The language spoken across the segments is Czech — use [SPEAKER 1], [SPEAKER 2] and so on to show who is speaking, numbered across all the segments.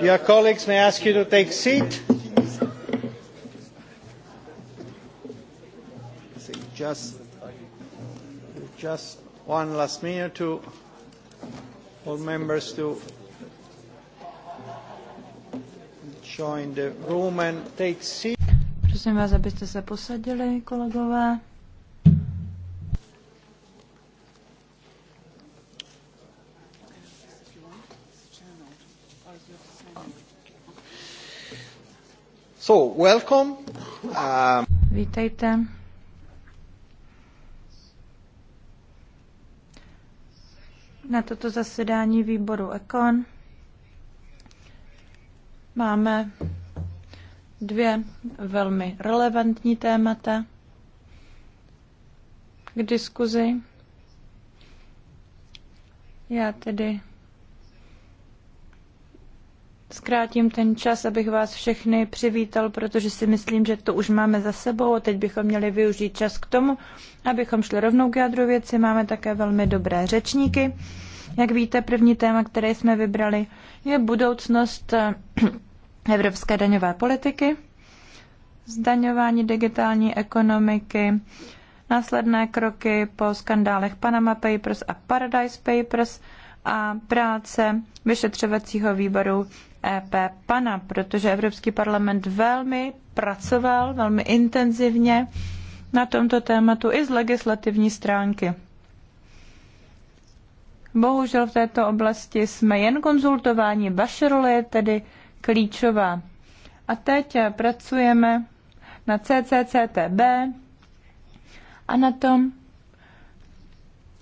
[SPEAKER 1] Dear colleagues, may I ask you to take seat? Just, just one last minute to all members to join the room and take seat.
[SPEAKER 2] Prosím vás, abyste se posadili, kolegové.
[SPEAKER 1] So, welcome. Um...
[SPEAKER 2] Vítejte. Na toto zasedání výboru Ekon máme dvě velmi relevantní témata k diskuzi. Já tedy zkrátím ten čas, abych vás všechny přivítal, protože si myslím, že to už máme za sebou a teď bychom měli využít čas k tomu, abychom šli rovnou k jádru věci. Máme také velmi dobré řečníky. Jak víte, první téma, které jsme vybrali, je budoucnost eh, evropské daňové politiky, zdaňování digitální ekonomiky, následné kroky po skandálech Panama Papers a Paradise Papers a práce vyšetřovacího výboru EP Pana, protože Evropský parlament velmi pracoval, velmi intenzivně na tomto tématu i z legislativní stránky. Bohužel v této oblasti jsme jen konzultováni, vaše role je tedy klíčová. A teď pracujeme na CCCTB a na tom,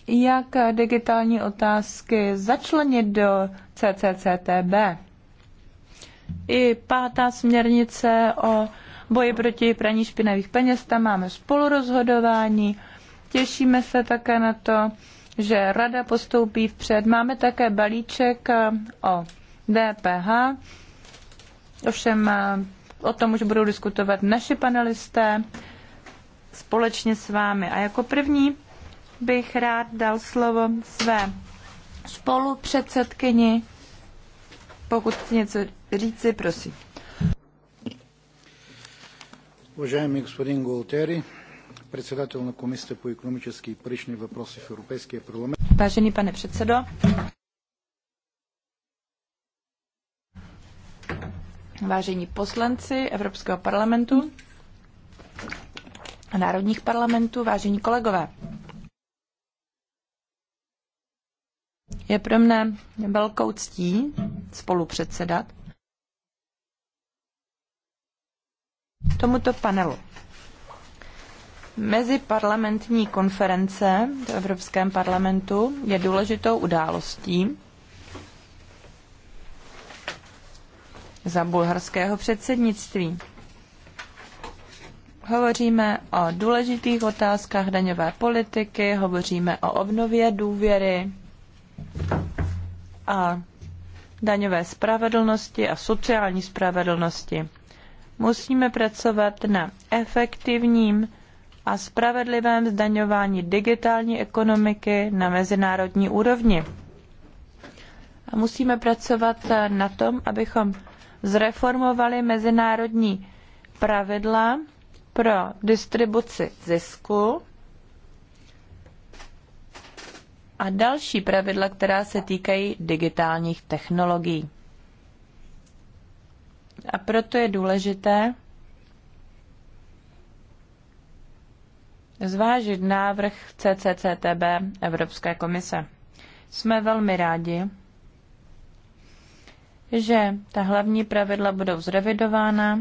[SPEAKER 2] jak digitální otázky začlenit do CCCTB i pátá směrnice o boji proti praní špinavých peněz, tam máme spolurozhodování, těšíme se také na to, že rada postoupí vpřed. Máme také balíček eh, o DPH, ovšem eh, o tom už budou diskutovat naši panelisté společně s vámi. A jako první bych rád dal slovo své spolupředsedkyni pokud chci něco říci, prosím.
[SPEAKER 1] Уважаемый господин Голтери, председател на Комисията по економически и парични въпроси в Европейския парламент.
[SPEAKER 2] Vážený pane předsedo, vážení poslanci Evropského parlamentu a národních parlamentů, vážení kolegové. Je pro mne velkou ctí spolupředsedat tomuto panelu. Meziparlamentní konference v Evropském parlamentu je důležitou událostí za bulharského předsednictví. Hovoříme o důležitých otázkách daňové politiky, hovoříme o obnově důvěry a daňové spravedlnosti a sociální spravedlnosti. Musíme pracovat na efektivním a spravedlivém zdaňování digitální ekonomiky na mezinárodní úrovni. A musíme pracovat na tom, abychom zreformovali mezinárodní pravidla pro distribuci zisku a další pravidla, která se týkají digitálních technologií. A proto je důležité zvážit návrh CCCTB Evropské komise. Jsme velmi rádi, že ta hlavní pravidla budou zrevidována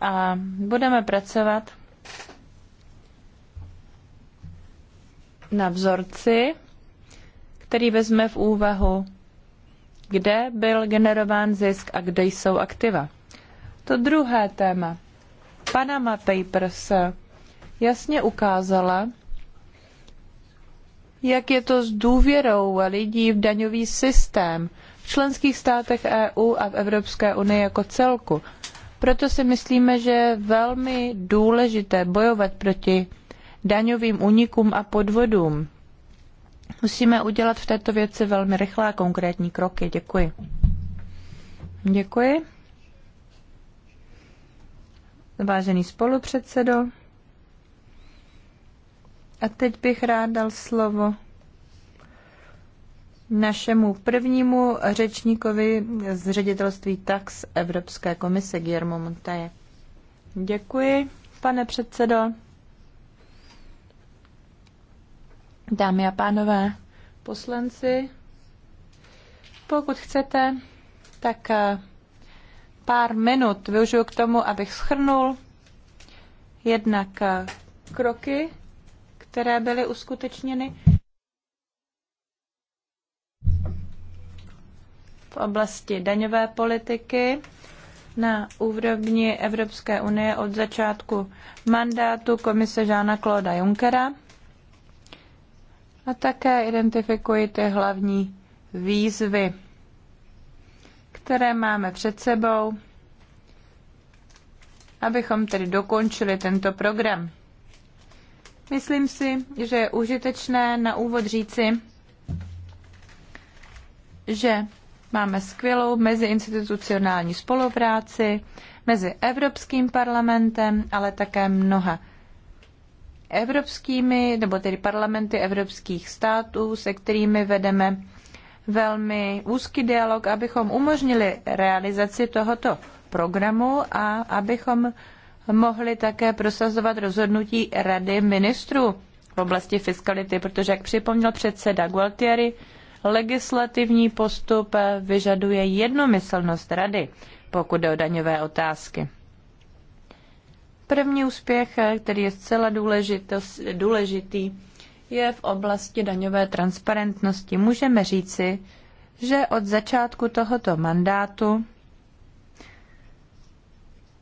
[SPEAKER 2] a budeme pracovat na vzorci, který vezme v úvahu, kde byl generován zisk a kde jsou aktiva. To druhé téma. Panama Papers jasně ukázala, jak je to s důvěrou lidí v daňový systém v členských státech EU a v Evropské unii jako celku. Proto si myslíme, že je velmi důležité bojovat proti daňovým únikům a podvodům. Musíme udělat v této věci velmi rychlé a konkrétní kroky. Děkuji. Děkuji. Vážený spolupředsedo. A teď bych rád dal slovo našemu prvnímu řečníkovi z ředitelství TAX Evropské komise Guillermo Monteje. Děkuji, pane předsedo. Dámy a pánové, poslanci, pokud chcete, tak eh, pár minut využiju k tomu, abych schrnul jednak eh, kroky, které byly uskutečněny v oblasti daňové politiky na úrovni Evropské unie od začátku mandátu komise Žána Klauda Junckera a také identifikuji ty hlavní výzvy, které máme před sebou, abychom tedy dokončili tento program. Myslím si, že je užitečné na úvod říci, že máme skvělou meziinstitucionální spolupráci mezi Evropským parlamentem, ale také mnoha evropskými, nebo tedy parlamenty evropských států, se kterými vedeme velmi úzký dialog, abychom umožnili realizaci tohoto programu a abychom mohli také prosazovat rozhodnutí Rady ministrů v oblasti fiskality, protože, jak připomněl předseda Gualtieri, legislativní postup vyžaduje jednomyslnost Rady, pokud jde o daňové otázky. První úspěch, který je zcela důležitý, je v oblasti daňové transparentnosti. Můžeme říci, že od začátku tohoto mandátu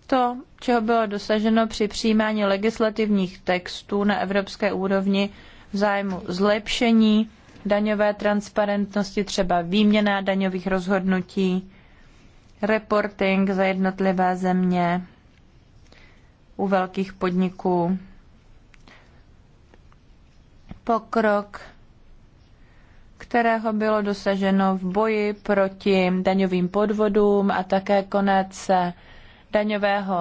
[SPEAKER 2] to, čeho bylo dosaženo při přijímání legislativních textů na evropské úrovni v zájmu zlepšení daňové transparentnosti, třeba výměna daňových rozhodnutí, reporting za jednotlivé země, u velkých podniků. Pokrok, kterého bylo dosaženo v boji proti daňovým podvodům a také konec daňového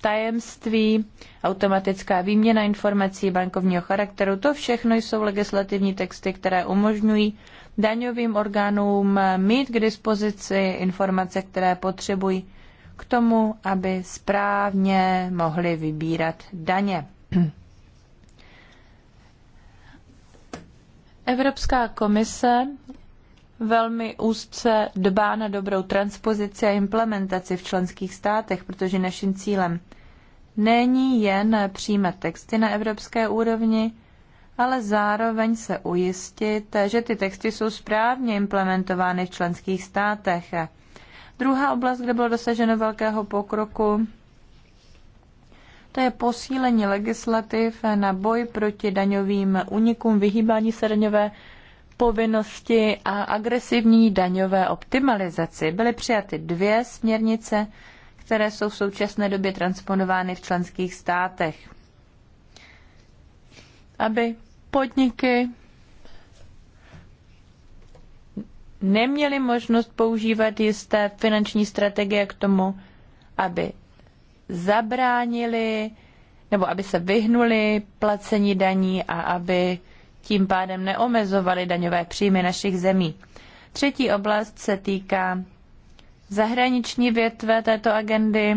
[SPEAKER 2] tajemství, automatická výměna informací bankovního charakteru, to všechno jsou legislativní texty, které umožňují daňovým orgánům mít k dispozici informace, které potřebují k tomu, aby správně mohli vybírat daně. Evropská komise velmi úzce dbá na dobrou transpozici a implementaci v členských státech, protože naším cílem není jen přijímat texty na evropské úrovni, ale zároveň se ujistit, že ty texty jsou správně implementovány v členských státech. Druhá oblast, kde bylo dosaženo velkého pokroku, to je posílení legislativ na boj proti daňovým unikům, vyhýbání se daňové povinnosti a agresivní daňové optimalizaci. Byly přijaty dvě směrnice, které jsou v současné době transponovány v členských státech. Aby podniky neměli možnost používat jisté finanční strategie k tomu, aby zabránili nebo aby se vyhnuli placení daní a aby tím pádem neomezovali daňové příjmy našich zemí. Třetí oblast se týká zahraniční větve této agendy.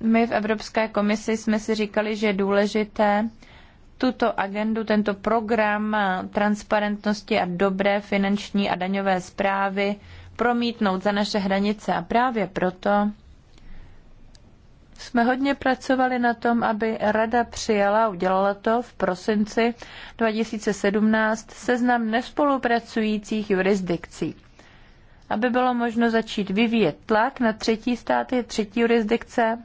[SPEAKER 2] My v Evropské komisi jsme si říkali, že je důležité tuto agendu, tento program transparentnosti a dobré finanční a daňové zprávy promítnout za naše hranice. A právě proto jsme hodně pracovali na tom, aby Rada přijala, udělala to v prosinci 2017, seznam nespolupracujících jurisdikcí. Aby bylo možno začít vyvíjet tlak na třetí státy, třetí jurisdikce,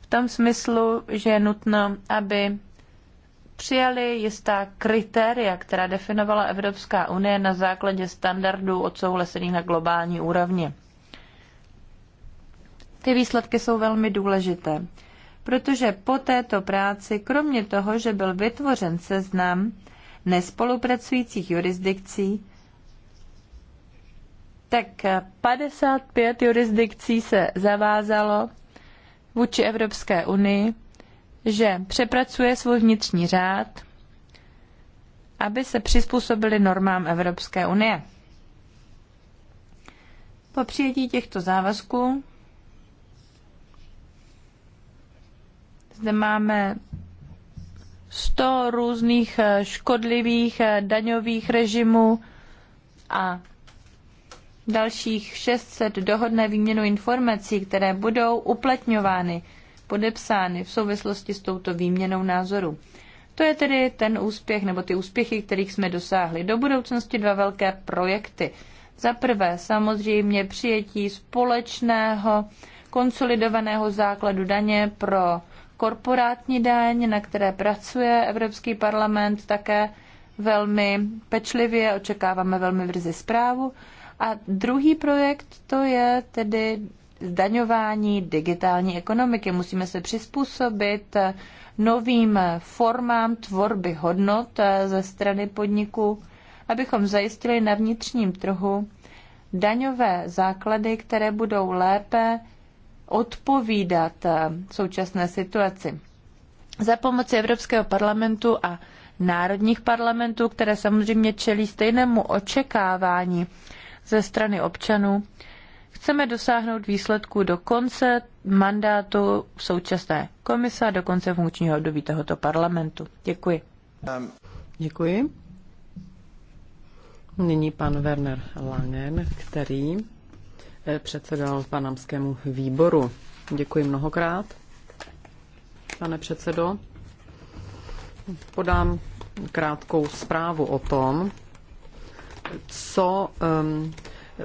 [SPEAKER 2] v tom smyslu, že je nutno, aby přijali jistá kritéria, která definovala Evropská unie na základě standardů odsouhlasených na globální úrovni. Ty výsledky jsou velmi důležité, protože po této práci, kromě toho, že byl vytvořen seznam nespolupracujících jurisdikcí, tak 55 jurisdikcí se zavázalo vůči Evropské unii že přepracuje svůj vnitřní řád, aby se přizpůsobili normám Evropské unie. Po přijetí těchto závazků zde máme 100 různých eh, škodlivých eh, daňových režimů a dalších 600 dohodné výměnu informací, které budou uplatňovány podepsány v souvislosti s touto výměnou názoru. To je tedy ten úspěch nebo ty úspěchy, kterých jsme dosáhli. Do budoucnosti dva velké projekty. Za prvé samozřejmě přijetí společného konsolidovaného základu daně pro korporátní daň, na které pracuje Evropský parlament také velmi pečlivě, očekáváme velmi brzy zprávu. A druhý projekt to je tedy zdaňování digitální ekonomiky. Musíme se přizpůsobit novým formám tvorby hodnot ze strany podniku, abychom zajistili na vnitřním trhu daňové základy, které budou lépe odpovídat současné situaci. Za pomoci Evropského parlamentu a národních parlamentů, které samozřejmě čelí stejnému očekávání ze strany občanů, Chceme dosáhnout výsledku do konce mandátu současné komise a do konce funkčního období tohoto parlamentu. Děkuji. Děkuji. Nyní pan Werner Langen, který eh,
[SPEAKER 3] předsedal panamskému výboru. Děkuji mnohokrát, pane předsedo. Podám krátkou zprávu o tom, co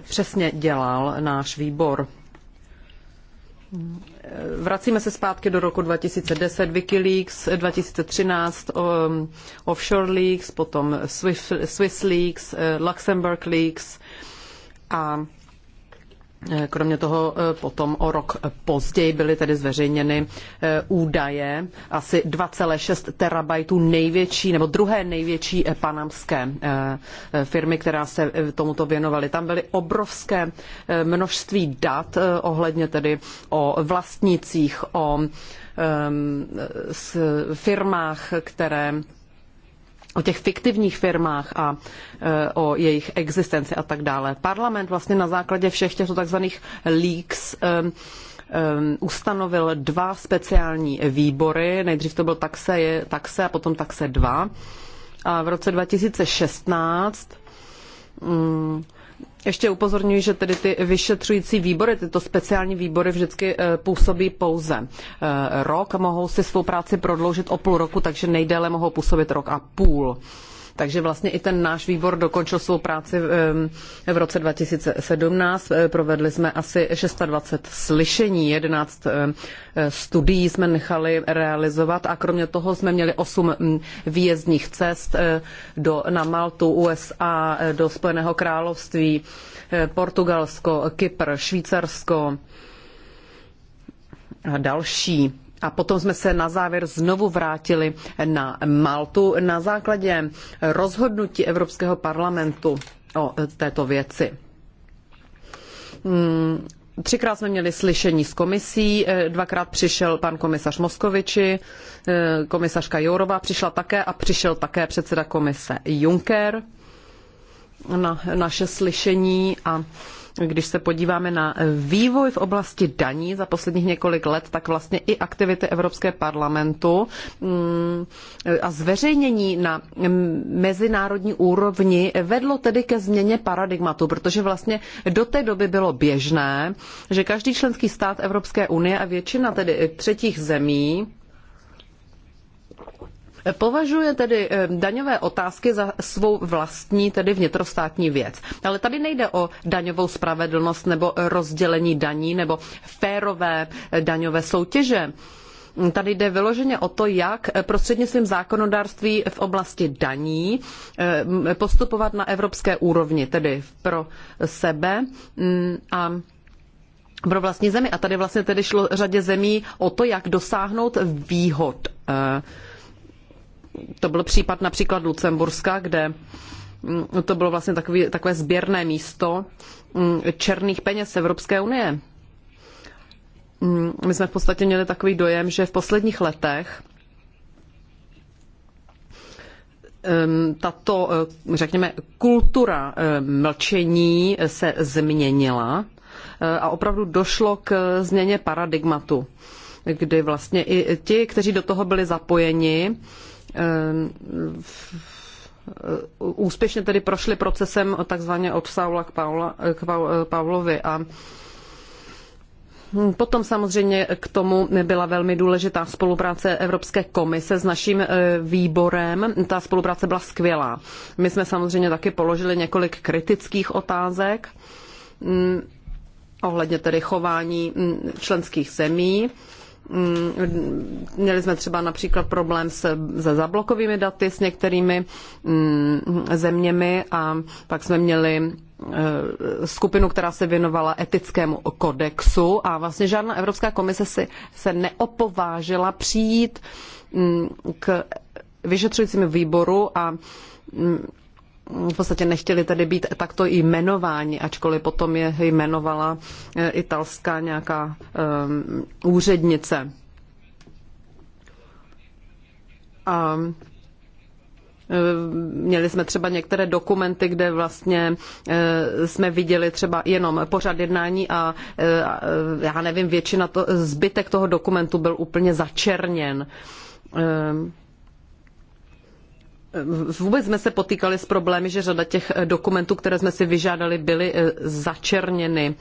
[SPEAKER 3] přesně dělal náš výbor. Vracíme se zpátky do roku 2010, Wikileaks, 2013, um, Offshore Leaks, potom Swiss, Swiss Leaks, eh, Luxembourg Leaks a Eh, kromě toho eh, potom o rok později byly tedy zveřejněny eh, údaje asi 2,6 terabajtů největší nebo druhé největší panamské firmy, která se tomuto věnovaly. Tam byly obrovské množství dat ohledně tedy o vlastnících, o firmách, které o těch fiktivních firmách a eh, o jejich existenci a tak dále. Parlament vlastně na základě všech těchto takzvaných leaks ehm, ehm, ustanovil dva speciální výbory. Nejdřív to byl taxe, taxe a potom taxe 2. A v roce 2016 ještě upozorňuji, že tedy ty vyšetřující výbory, tyto speciální výbory vždycky eh, působí pouze eh, rok, mohou si svou práci prodloužit o půl roku, takže nejdéle mohou působit rok a půl. Takže vlastně i ten náš výbor dokončil svou práci v roce 2017. E, provedli jsme asi 26 slyšení, 11 e, e, studií jsme nechali realizovat a kromě toho jsme měli 8 výjezdních cest do, na Maltu, USA, do Spojeného království, Portugalsko, Kypr, Švýcarsko a další. A potom jsme se na závěr znovu vrátili na Maltu na základě rozhodnutí Evropského parlamentu o e, této věci. Hmm, třikrát jsme měli slyšení s komisí, e, dvakrát přišel pan komisař Moskoviči, e, komisařka Jourová přišla také a přišel také předseda komise Juncker na naše slyšení a když se podíváme na vývoj v oblasti daní za posledních několik let, tak vlastně i aktivity Evropské parlamentu mm, a zveřejnění na mezinárodní úrovni vedlo tedy ke změně paradigmatu, protože vlastně do té doby bylo běžné, že každý členský stát Evropské unie a většina tedy třetích zemí Považuje tedy eh, daňové otázky za svou vlastní, tedy vnitrostátní věc. Ale tady nejde o daňovou spravedlnost nebo rozdělení daní nebo férové eh, daňové soutěže. Tady jde vyloženě o to, jak eh, prostřednictvím zákonodárství v oblasti daní postupovat na evropské úrovni, tedy pro sebe mm, a pro vlastní zemi. A tady vlastně tedy šlo řadě zemí o to, jak dosáhnout výhod to byl případ například Lucemburska, kde mm, to bylo vlastně takový, takové sběrné místo mm, černých peněz Evropské unie. Mm, my jsme v podstatě měli takový dojem, že v posledních letech tato, eh, řekněme, kultura eh, mlčení se změnila eh, a opravdu došlo k změně paradigmatu, kdy vlastně i ti, kteří do toho byli zapojeni, Eh, úspěšně tedy prošli procesem takzvaně od Saula k, Paula, k Pavlovi eh, a Potom samozřejmě k tomu byla velmi důležitá spolupráce Evropské komise s naším eh, výborem. Ta spolupráce byla skvělá. My jsme samozřejmě taky položili několik kritických otázek mm, ohledně tedy chování mm, členských zemí Mm, měli jsme třeba například problém se, se zablokovými daty s některými mm, zeměmi a pak jsme měli eh, skupinu, která se věnovala etickému kodexu a vlastně žádná Evropská komise si se neopovážila přijít mm, k vyšetřujícímu výboru a v podstatě nechtěli tady být takto i jmenováni, ačkoliv potom je jmenovala eh, italská nějaká um, úřednice. A eh, Měli jsme třeba některé dokumenty, kde vlastně jsme viděli třeba jenom pořad jednání a já nevím, většina to, zbytek toho dokumentu byl úplně začerněn Eh, vůbec jsme se potýkali s problémy, že řada těch eh, dokumentů, které jsme si vyžádali, byly eh, začerněny.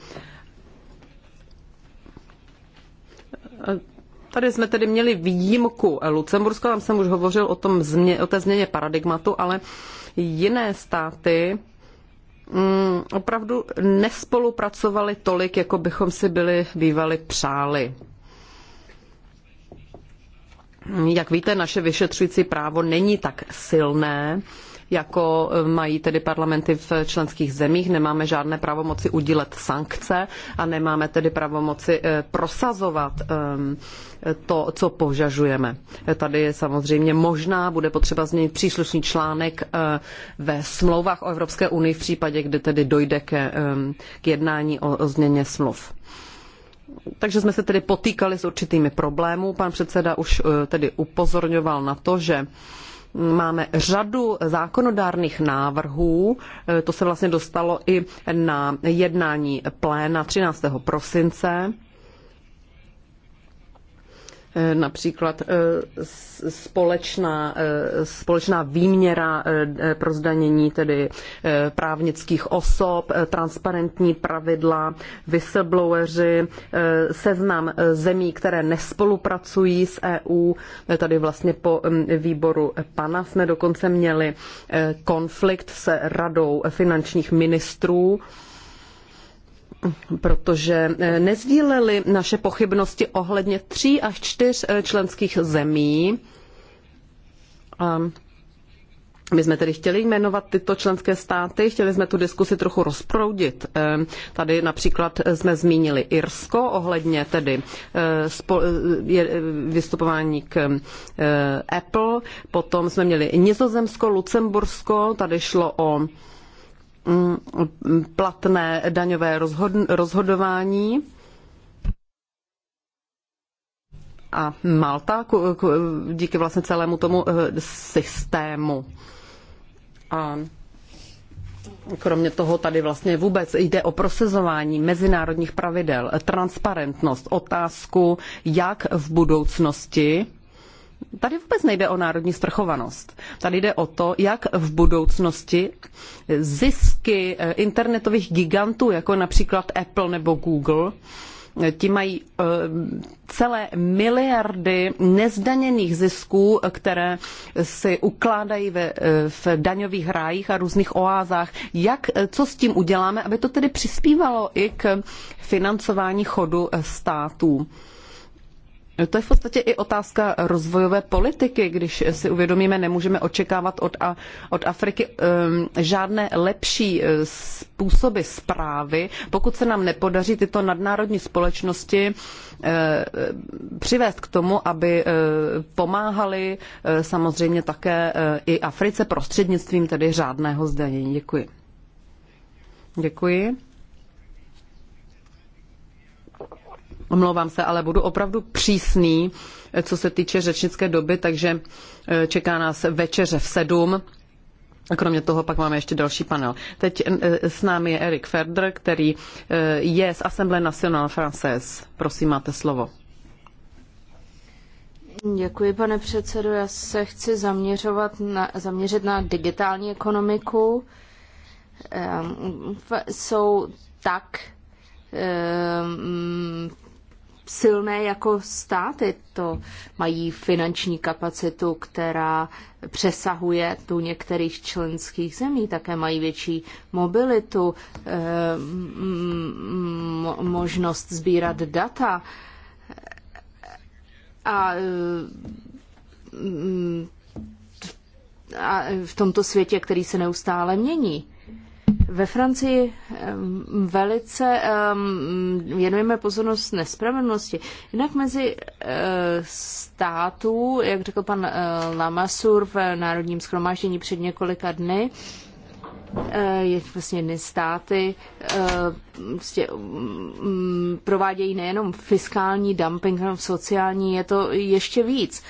[SPEAKER 3] Tady jsme tedy měli výjimku Lucembursko, tam jsem už hovořil o, tom změ, o té změně paradigmatu, ale jiné státy mm, opravdu nespolupracovaly tolik, jako bychom si byli bývali přáli. Jak víte, naše vyšetřující právo není tak silné, jako mají tedy parlamenty v členských zemích. Nemáme žádné pravomoci udílet sankce a nemáme tedy pravomoci eh, prosazovat ehm, to, co požažujeme. Tady je samozřejmě možná, bude potřeba změnit příslušný článek eh, ve smlouvách o Evropské unii v případě, kdy tedy dojde ehm, k jednání o změně smluv takže jsme se tedy potýkali s určitými problémy. Pan předseda už eh, tedy upozorňoval na to, že máme řadu zákonodárných návrhů. Eh, to se vlastně dostalo i na jednání pléna 13. prosince. Eh, například eh, společná, eh, společná výměra pro zdanění tedy právnických osob, transparentní pravidla, whistlebloweri, seznam zemí, které nespolupracují s EU. Tady vlastně po mm, výboru PANA jsme dokonce měli konflikt se radou finančních ministrů, protože eh, nezdíleli naše pochybnosti ohledně tří až čtyř eh, členských zemí. A my jsme tedy chtěli jmenovat tyto členské státy, chtěli jsme tu diskusi trochu rozproudit. Ehm, tady například jsme zmínili Irsko ohledně tedy eh, vystupování k Apple, potom jsme měli Nizozemsko, Lucembursko, tady šlo o Mm, platné daňové rozhodování. A Malta díky vlastně celému tomu eh, systému. A Kromě toho tady vlastně vůbec jde o prosazování mezinárodních pravidel, transparentnost, otázku, jak v budoucnosti Tady vůbec nejde o národní svrchovanost. Tady jde o to, jak v budoucnosti zisky eh, internetových gigantů, jako například Apple nebo Google, eh, ti mají eh, celé miliardy nezdaněných zisků, které si ukládají ve, v daňových rájích a různých oázách. Jak, co s tím uděláme, aby to tedy přispívalo i k financování chodu států? To je v podstatě i otázka rozvojové politiky, když si uvědomíme, nemůžeme očekávat od, a, od Afriky um, žádné lepší eh, způsoby zprávy, pokud se nám nepodaří tyto nadnárodní společnosti uh, přivést k tomu, aby uh, pomáhali uh, samozřejmě také uh, i Africe prostřednictvím tedy řádného zdanění. Děkuji. Děkuji. Omlouvám se, ale budu opravdu přísný, eh, co se týče řečnické doby, takže eh, čeká nás večeře v sedm. Kromě toho pak máme ještě další panel. Teď eh, s námi je Erik Ferdr, který je z Assemblée Nationale Française. Prosím, máte slovo.
[SPEAKER 4] Děkuji, pane předsedo. Já se chci zaměřovat na, zaměřit na digitální ekonomiku. Ehm, jsou tak ehm, silné jako státy. To mají finanční kapacitu, která přesahuje tu některých členských zemí. Také mají větší mobilitu, eh, možnost sbírat data. A eh, a v tomto světě, který se neustále mění. Ve Francii velice věnujeme pozornost nespravedlnosti. Jinak mezi eh, států, jak řekl pan eh, Lamassur v Národním schromáždění před několika dny, eh, je vlastně jedny státy vlastně, provádějí nejenom fiskální dumping, ale sociální, je to ještě víc.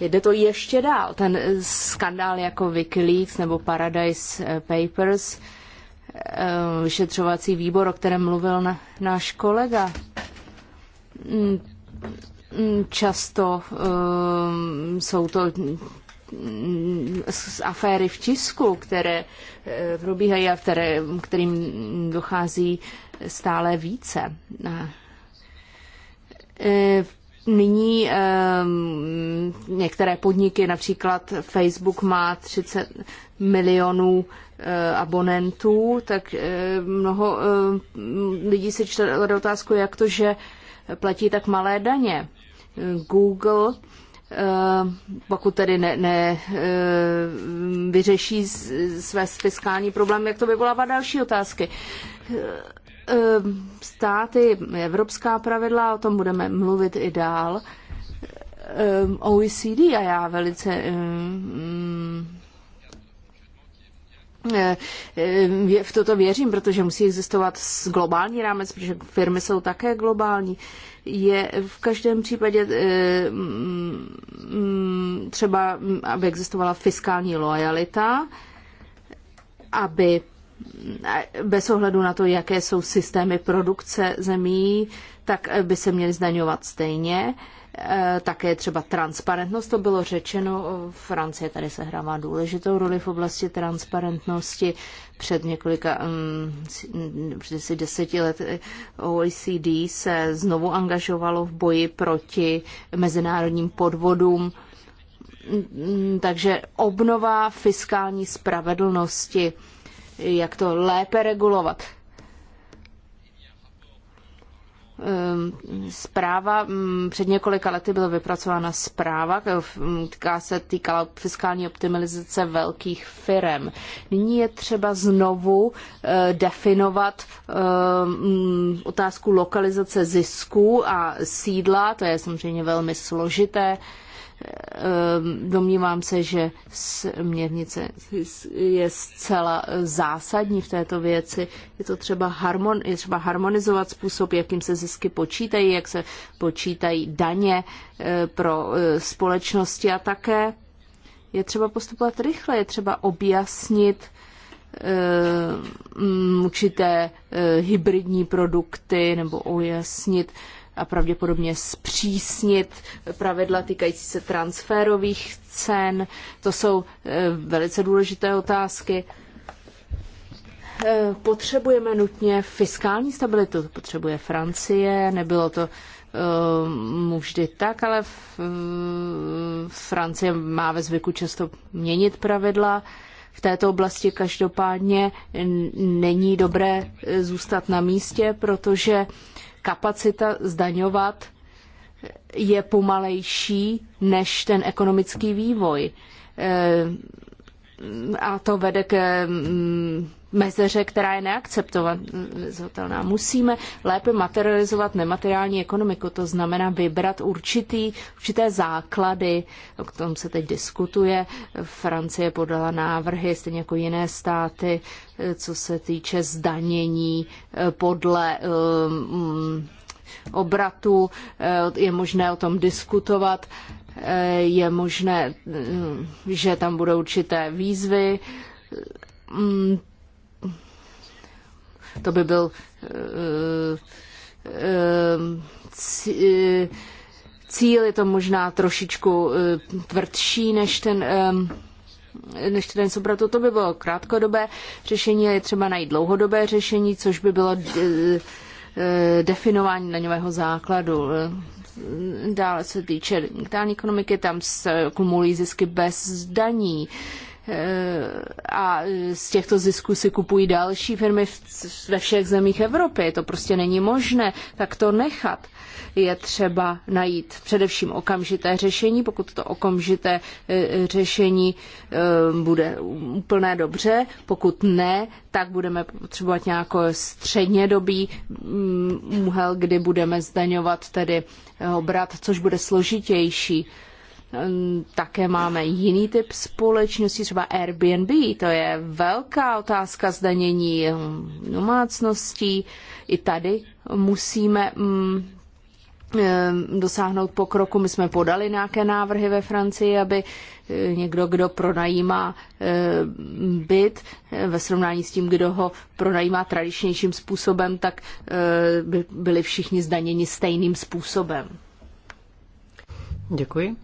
[SPEAKER 4] Jde to ještě dál. Ten skandál jako Wikileaks nebo Paradise Papers, Eh, vyšetřovací výbor, o kterém mluvil na, náš kolega. Mm, mm, často eh, jsou to mm, aféry v tisku, které eh, probíhají a které, kterým dochází stále více. Nyní některé podniky, například Facebook má 30 milionů Eh, abonentů, tak eh, mnoho eh, lidí si čte otázku, jak to, že platí tak malé daně. Google, pokud tedy ne, ne vyřeší své fiskální problémy, jak to vyvolává další otázky. Státy, evropská pravidla, o tom budeme mluvit i dál. OECD a já velice Eh, eh, v toto věřím, protože musí existovat globální rámec, protože firmy jsou také globální. Je v každém případě eh, mm, třeba, mm, aby existovala fiskální lojalita, aby bez ohledu na to, jaké jsou systémy produkce zemí, tak by se měly zdaňovat stejně. Eh, také třeba transparentnost, to bylo řečeno, eh, Francie tady se hrává důležitou roli v oblasti transparentnosti. Před několika mm, mm, před deseti let eh, OECD se znovu angažovalo v boji proti mezinárodním podvodům. Mm, takže obnova fiskální spravedlnosti, jak to lépe regulovat. Ehm, zpráva, mm, před několika lety byla vypracována zpráva, mm, která se týkala fiskální optimalizace velkých firm. Nyní je třeba znovu eh, definovat ehm, mm, otázku lokalizace zisků a sídla, to je samozřejmě velmi složité Ehm, domnívám se, že směrnice je zcela eh, zásadní v této věci. Je to třeba, harmon, je třeba harmonizovat způsob, jakým se zisky počítají, jak se počítají daně eh, pro eh, společnosti a také je třeba postupovat rychle, je třeba objasnit ehm, určité hybridní produkty nebo ujasnit a pravděpodobně zpřísnit pravidla týkající se transferových cen. To jsou eh, velice důležité otázky. Eh, potřebujeme nutně fiskální stabilitu. Potřebuje Francie, nebylo to mu eh, vždy tak, ale Francie má ve zvyku často měnit pravidla. V této oblasti každopádně není dobré zůstat na místě, protože kapacita zdaňovat je pomalejší než ten ekonomický vývoj. Eh, a to vede k mm, mezeře, která je neakceptovatelná. Musíme lépe materializovat nemateriální ekonomiku, to znamená vybrat určitý, určité základy, o tom se teď diskutuje. Francie podala návrhy, stejně jako jiné státy, co se týče zdanění eh, podle um, obratu. Eh, je možné o tom diskutovat Eh, je možné, mm, že tam budou určité výzvy. Mm, to by byl eh, eh, cíl, je to možná trošičku tvrdší než ten než ten soubratu. to by bylo krátkodobé řešení, je třeba najít dlouhodobé řešení, což by bylo definování daňového základu. Dále se týče digitální ekonomiky, tam se kumulují zisky bez daní. Eh, a z těchto zisků si kupují další firmy ve všech zemích Evropy. To prostě není možné tak to nechat. Je třeba najít především okamžité řešení. Pokud to okamžité eh, řešení eh, bude úplné dobře, pokud ne, tak budeme potřebovat středně střednědobý mm, úhel, kdy budeme zdaňovat tedy obrat, což bude složitější Ehm, také máme jiný typ společnosti, třeba Airbnb, to je velká otázka zdanění ehm, domácností. I tady musíme mm, ehm, dosáhnout pokroku. My jsme podali nějaké návrhy ve Francii, aby eh, někdo, kdo pronajímá byt eh, ve srovnání s tím, kdo ho pronajímá tradičnějším způsobem, tak eh, by byli všichni zdaněni stejným způsobem.
[SPEAKER 3] Děkuji.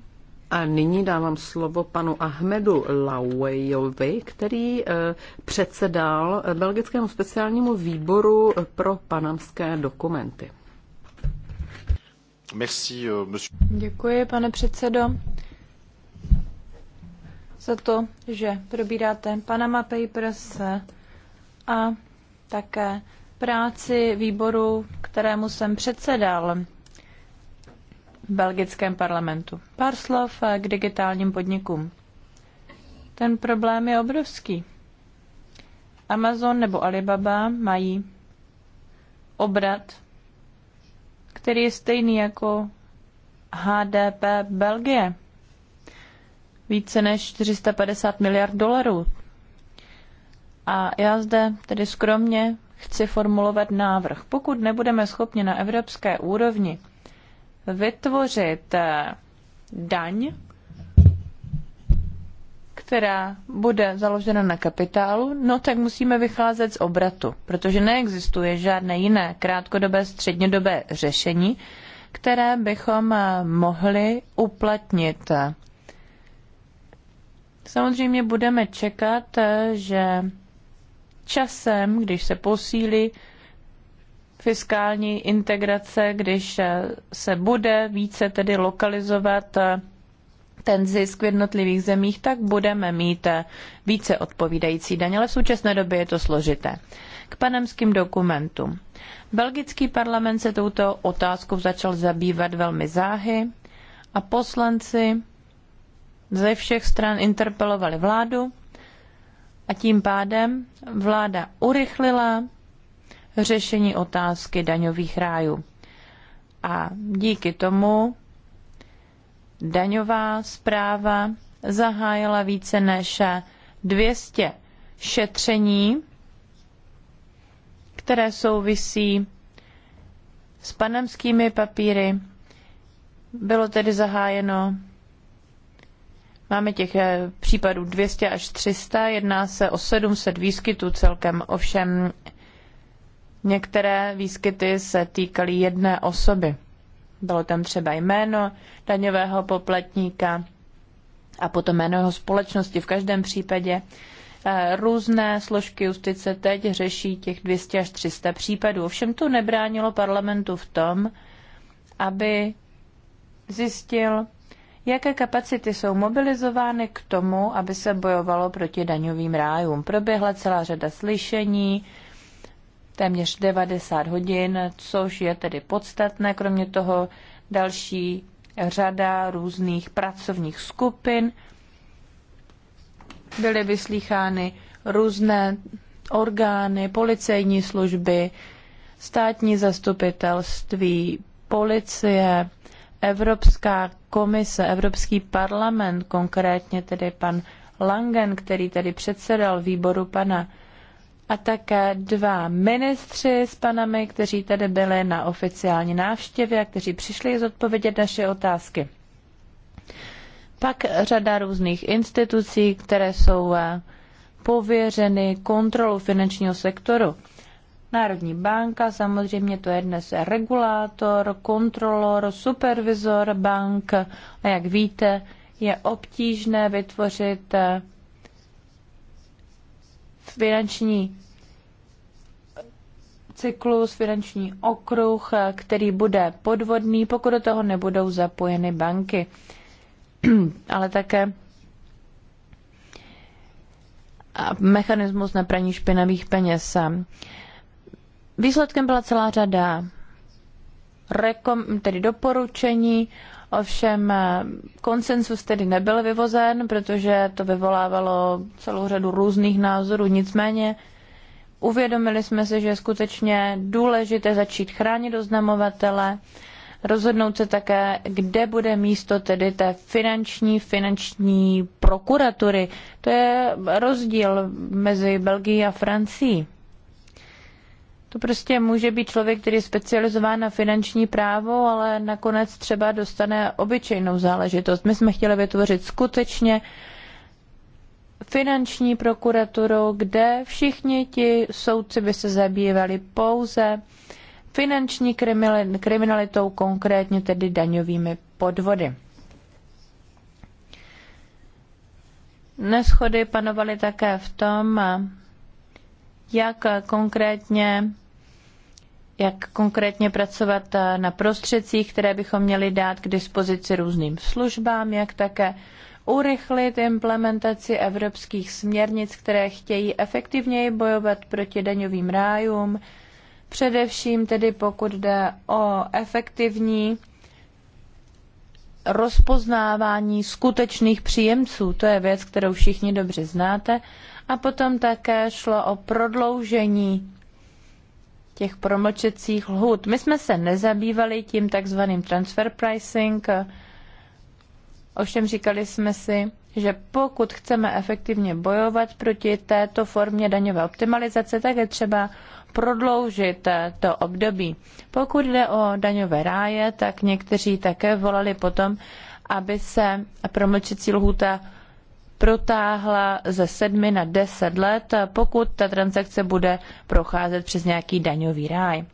[SPEAKER 3] A nyní dávám slovo panu Ahmedu Lauejovi, který eh, předsedal belgickému speciálnímu výboru pro panamské dokumenty.
[SPEAKER 1] Merci, eh,
[SPEAKER 2] Děkuji, pane předsedo, za to, že probíráte Panama Papers a také práci výboru, kterému jsem předsedal v belgickém parlamentu. Pár slov k digitálním podnikům. Ten problém je obrovský. Amazon nebo Alibaba mají obrat, který je stejný jako HDP Belgie. Více než 450 miliard dolarů. A já zde tedy skromně chci formulovat návrh. Pokud nebudeme schopni na evropské úrovni vytvořit eh, daň, která bude založena na kapitálu, no tak musíme vycházet z obratu, protože neexistuje žádné jiné krátkodobé, střednědobé řešení, které bychom eh, mohli uplatnit. Samozřejmě budeme čekat, eh, že časem, když se posílí fiskální integrace, když eh, se bude více tedy lokalizovat eh, ten zisk v jednotlivých zemích, tak budeme mít eh, více odpovídající daně, ale v současné době je to složité. K panemským dokumentům. Belgický parlament se touto otázkou začal zabývat velmi záhy a poslanci ze všech stran interpelovali vládu a tím pádem vláda urychlila řešení otázky daňových rájů. A díky tomu daňová zpráva zahájila více než 200 šetření, které souvisí s panemskými papíry. Bylo tedy zahájeno, máme těch eh, případů 200 až 300, jedná se o 700 výskytů celkem, ovšem Některé výskyty se týkaly jedné osoby. Bylo tam třeba jméno daňového poplatníka a potom jméno jeho společnosti. V každém případě eh, různé složky justice teď řeší těch 200 až 300 případů. Ovšem to nebránilo parlamentu v tom, aby zjistil, jaké kapacity jsou mobilizovány k tomu, aby se bojovalo proti daňovým rájům. Proběhla celá řada slyšení, téměř 90 hodin, což je tedy podstatné. Kromě toho další řada různých pracovních skupin. Byly vyslýchány různé orgány, policejní služby, státní zastupitelství, policie, Evropská komise, Evropský parlament, konkrétně tedy pan Langen, který tedy předsedal výboru pana a také dva ministři s panami, kteří tady byli na oficiální návštěvě a kteří přišli zodpovědět naše otázky. Pak řada různých institucí, které jsou eh, pověřeny kontrolu finančního sektoru. Národní banka, samozřejmě to je dnes regulátor, kontrolor, supervizor bank a jak víte, je obtížné vytvořit eh, finanční cyklus, finanční okruh, který bude podvodný, pokud do toho nebudou zapojeny banky. Ale také mechanismus na praní špinavých peněz. Výsledkem byla celá řada rekom, tedy doporučení Ovšem eh, konsensus tedy nebyl vyvozen, protože to vyvolávalo celou řadu různých názorů. Nicméně uvědomili jsme se, že je skutečně důležité začít chránit oznamovatele, rozhodnout se také, kde bude místo tedy té finanční, finanční prokuratury. To je rozdíl mezi Belgií a Francií. To prostě může být člověk, který je specializován na finanční právo, ale nakonec třeba dostane obyčejnou záležitost. My jsme chtěli vytvořit skutečně finanční prokuraturu, kde všichni ti soudci by se zabývali pouze finanční kriminalitou, konkrétně tedy daňovými podvody. Neschody panovaly také v tom, jak konkrétně jak konkrétně pracovat eh, na prostředcích, které bychom měli dát k dispozici různým službám, jak také urychlit implementaci evropských směrnic, které chtějí efektivněji bojovat proti daňovým rájům, především tedy pokud jde o efektivní rozpoznávání skutečných příjemců, to je věc, kterou všichni dobře znáte, a potom také šlo o prodloužení těch promlčecích lhůt. My jsme se nezabývali tím takzvaným transfer pricing, ovšem říkali jsme si, že pokud chceme efektivně bojovat proti této formě daňové optimalizace, tak je třeba prodloužit to období. Pokud jde o daňové ráje, tak někteří také volali potom, aby se promlčecí lhůta protáhla ze sedmi na deset let, pokud ta transakce bude procházet přes nějaký daňový ráj.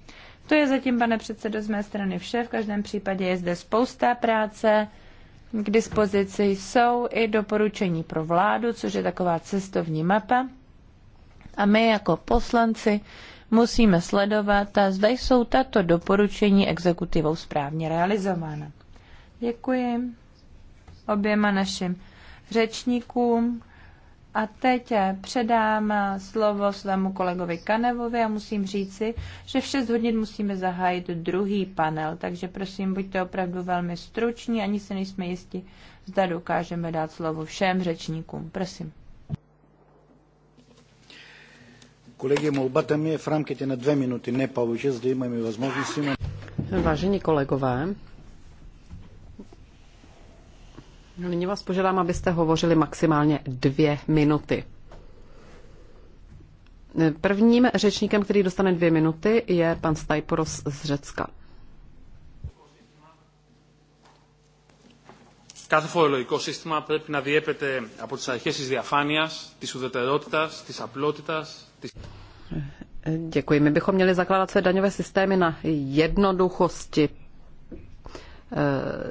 [SPEAKER 2] To je zatím, pane předsedo, z mé strany vše. V každém případě je zde spousta práce. K dispozici jsou i doporučení pro vládu, což je taková cestovní mapa. A my jako poslanci musíme sledovat, a zda jsou tato doporučení exekutivou správně realizována. Děkuji oběma našim řečníkům. A teď předám slovo svému kolegovi Kanevovi a musím říci, že v 6 hodin musíme zahájit druhý panel, takže prosím, buďte opravdu velmi struční, ani se nejsme jistí, zda dokážeme dát slovo všem řečníkům. Prosím.
[SPEAKER 1] Kolegy, молбата mi v в рамките na dvě minuty не zde máme да možnost. Vážení
[SPEAKER 3] kolegové, No, nyní vás požádám, abyste hovořili maximálně dvě minuty. Prvním řečníkem, který dostane dvě minuty, je pan Stajporos z Řecka.
[SPEAKER 1] Κάθε φορολογικό σύστημα πρέπει να διέπεται από τις αρχές της διαφάνειας, της ουδετερότητας, της απλότητας, της...
[SPEAKER 3] Děkuji. My bychom měli zakládat své daňové systémy na jednoduchosti,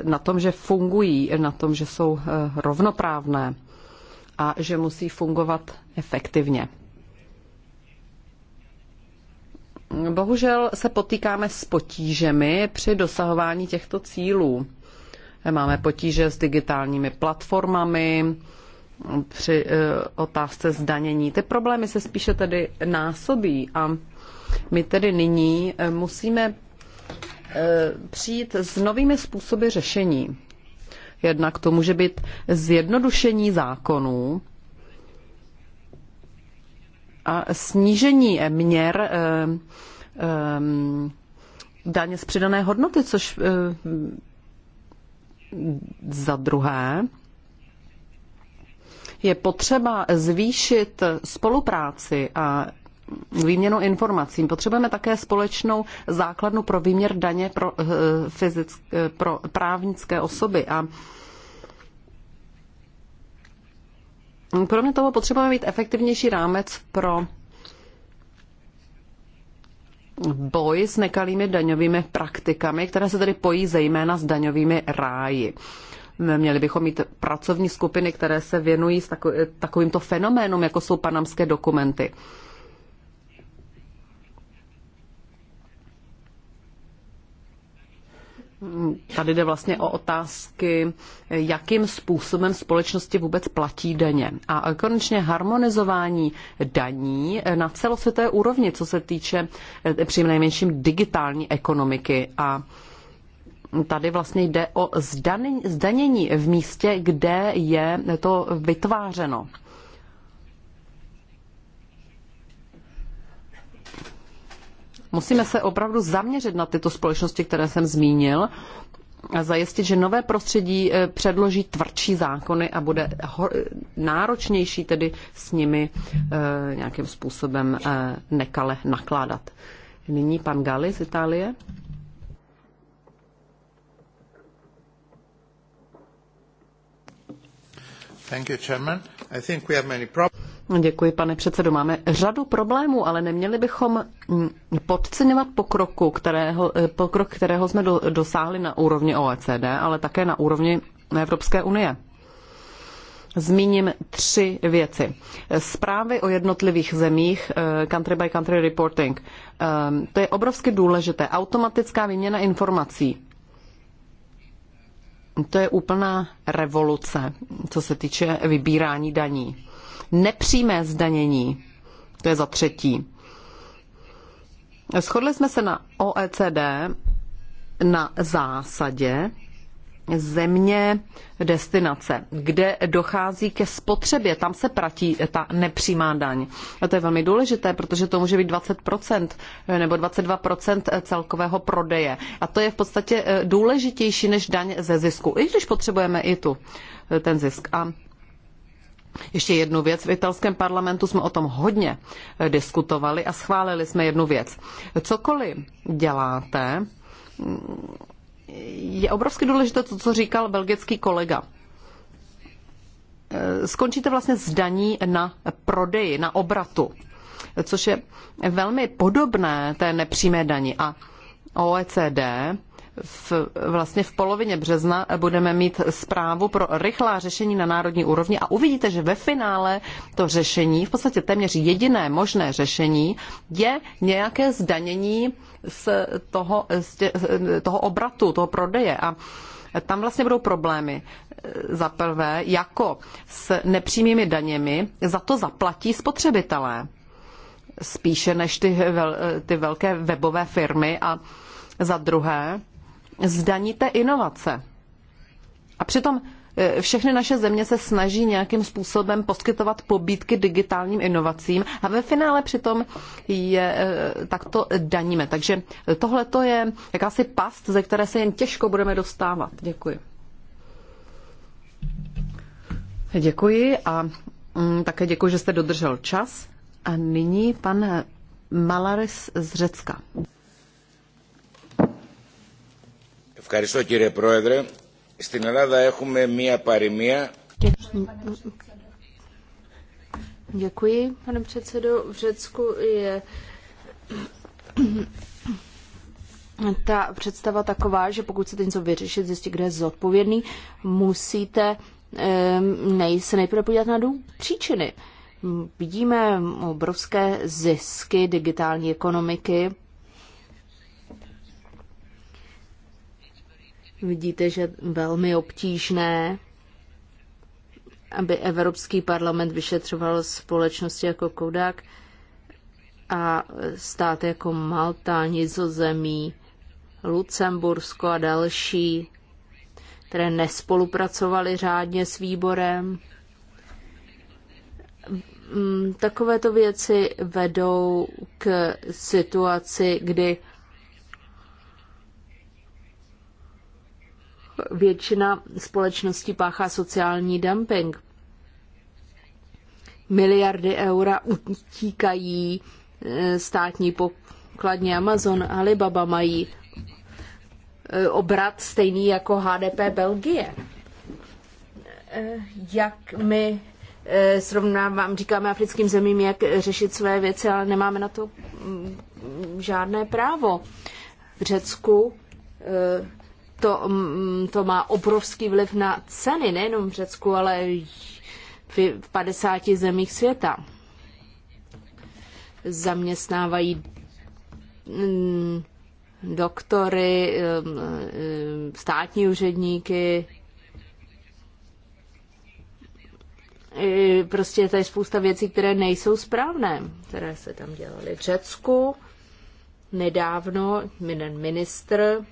[SPEAKER 3] na tom, že fungují, na tom, že jsou eh, rovnoprávné a že musí fungovat efektivně. Bohužel se potýkáme s potížemi při dosahování těchto cílů. Máme potíže s digitálními platformami, při eh, otázce zdanění. Ty problémy se spíše tedy násobí a my tedy nyní eh, musíme Eh, přijít s novými způsoby řešení. Jednak to může být zjednodušení zákonů a snížení měr eh, eh, daně z přidané hodnoty, což za druhé je potřeba zvýšit spolupráci a výměnu informací. Potřebujeme také společnou základnu pro výměr daně pro, eh, fyzické, eh, pro právnické osoby a Kromě toho potřebujeme mít efektivnější rámec pro boj s nekalými daňovými praktikami, které se tedy pojí zejména s daňovými ráji. Měli bychom mít pracovní skupiny, které se věnují s takovýmto fenoménům, jako jsou panamské dokumenty. Tady jde vlastně o otázky, jakým způsobem společnosti vůbec platí daně. A konečně harmonizování daní na celosvětové úrovni, co se týče eh, při nejmenším digitální ekonomiky. A tady vlastně jde o zdanění v místě, kde je to vytvářeno. Musíme se opravdu zaměřit na tyto společnosti, které jsem zmínil, a zajistit, že nové prostředí eh, předloží tvrdší zákony a bude náročnější tedy s nimi eh, nějakým způsobem eh, nekale nakládat. Nyní pan Gali z Itálie. No, děkuji, pane předsedo. Máme řadu problémů, ale neměli bychom mm, podceňovat pokroku, kterého, eh, pokrok, kterého jsme dosáhli na úrovni OECD, ale také na úrovni Evropské unie. Zmíním tři věci. Zprávy o jednotlivých zemích, eh, country by country reporting. Eh, to je obrovsky důležité. Automatická výměna informací to je úplná revoluce, co se týče vybírání daní. Nepřímé zdanění, to je za třetí. Shodli jsme se na OECD na zásadě, země destinace, kde dochází ke spotřebě, tam se platí ta nepřímá daň. A to je velmi důležité, protože to může být 20% eh, nebo 22% eh, celkového prodeje. A to je v podstatě eh, důležitější než daň ze zisku, i když potřebujeme i tu ten zisk. A ještě jednu věc. V italském parlamentu jsme o tom hodně diskutovali a schválili jsme jednu věc. Cokoliv děláte, je obrovsky důležité to, co říkal belgický kolega. E, skončíte vlastně s daní na prodeji, na obratu, což je velmi podobné té nepřímé dani. A OECD v, vlastně v polovině března budeme mít zprávu pro rychlá řešení na národní úrovni a uvidíte, že ve finále to řešení, v podstatě téměř jediné možné řešení, je nějaké zdanění z toho, z tě, toho obratu, toho prodeje. A tam vlastně budou problémy. Za prvé, jako s nepřímými daněmi, za to zaplatí spotřebitelé spíše než ty, ty velké webové firmy a za druhé, zdaníte inovace. A přitom e, všechny naše země se snaží nějakým způsobem poskytovat pobídky digitálním inovacím a ve finále přitom je e, takto daníme. Takže tohle to je jakási past, ze které se jen těžko budeme dostávat. Děkuji. Děkuji a mm, také děkuji, že jste dodržel čas. A nyní pan Malaris z Řecka.
[SPEAKER 1] Ευχαριστώ κύριε Πρόεδρε. Στην Ελλάδα έχουμε μία παροιμία.
[SPEAKER 4] Děkuji, pane předsedo. V Řecku je ta představa taková, že pokud chcete něco vyřešit, zjistit, kdo je zodpovědný, musíte nej, se nejprve podívat na dů příčiny. Vidíme obrovské zisky digitální ekonomiky, Vidíte, že velmi obtížné, aby Evropský parlament vyšetřoval společnosti jako Kodak a státy jako Malta, Nizozemí, Lucembursko a další, které nespolupracovaly řádně s výborem. Mm, takovéto věci vedou k situaci, kdy většina společností páchá sociální dumping. Miliardy eura utíkají e, státní pokladně Amazon, Alibaba mají e, obrat stejný jako HDP Belgie. E, jak my srovnávám, říkáme africkým zemím, jak řešit své věci, ale nemáme na to mm, žádné právo. V Řecku to, mm, to má obrovský vliv na ceny nejenom v Řecku, ale v 50 zemích světa. Zaměstnávají mm, doktory, mm, státní úředníky, prostě tady je spousta věcí, které nejsou správné, které se tam dělaly. V Řecku nedávno jeden ministr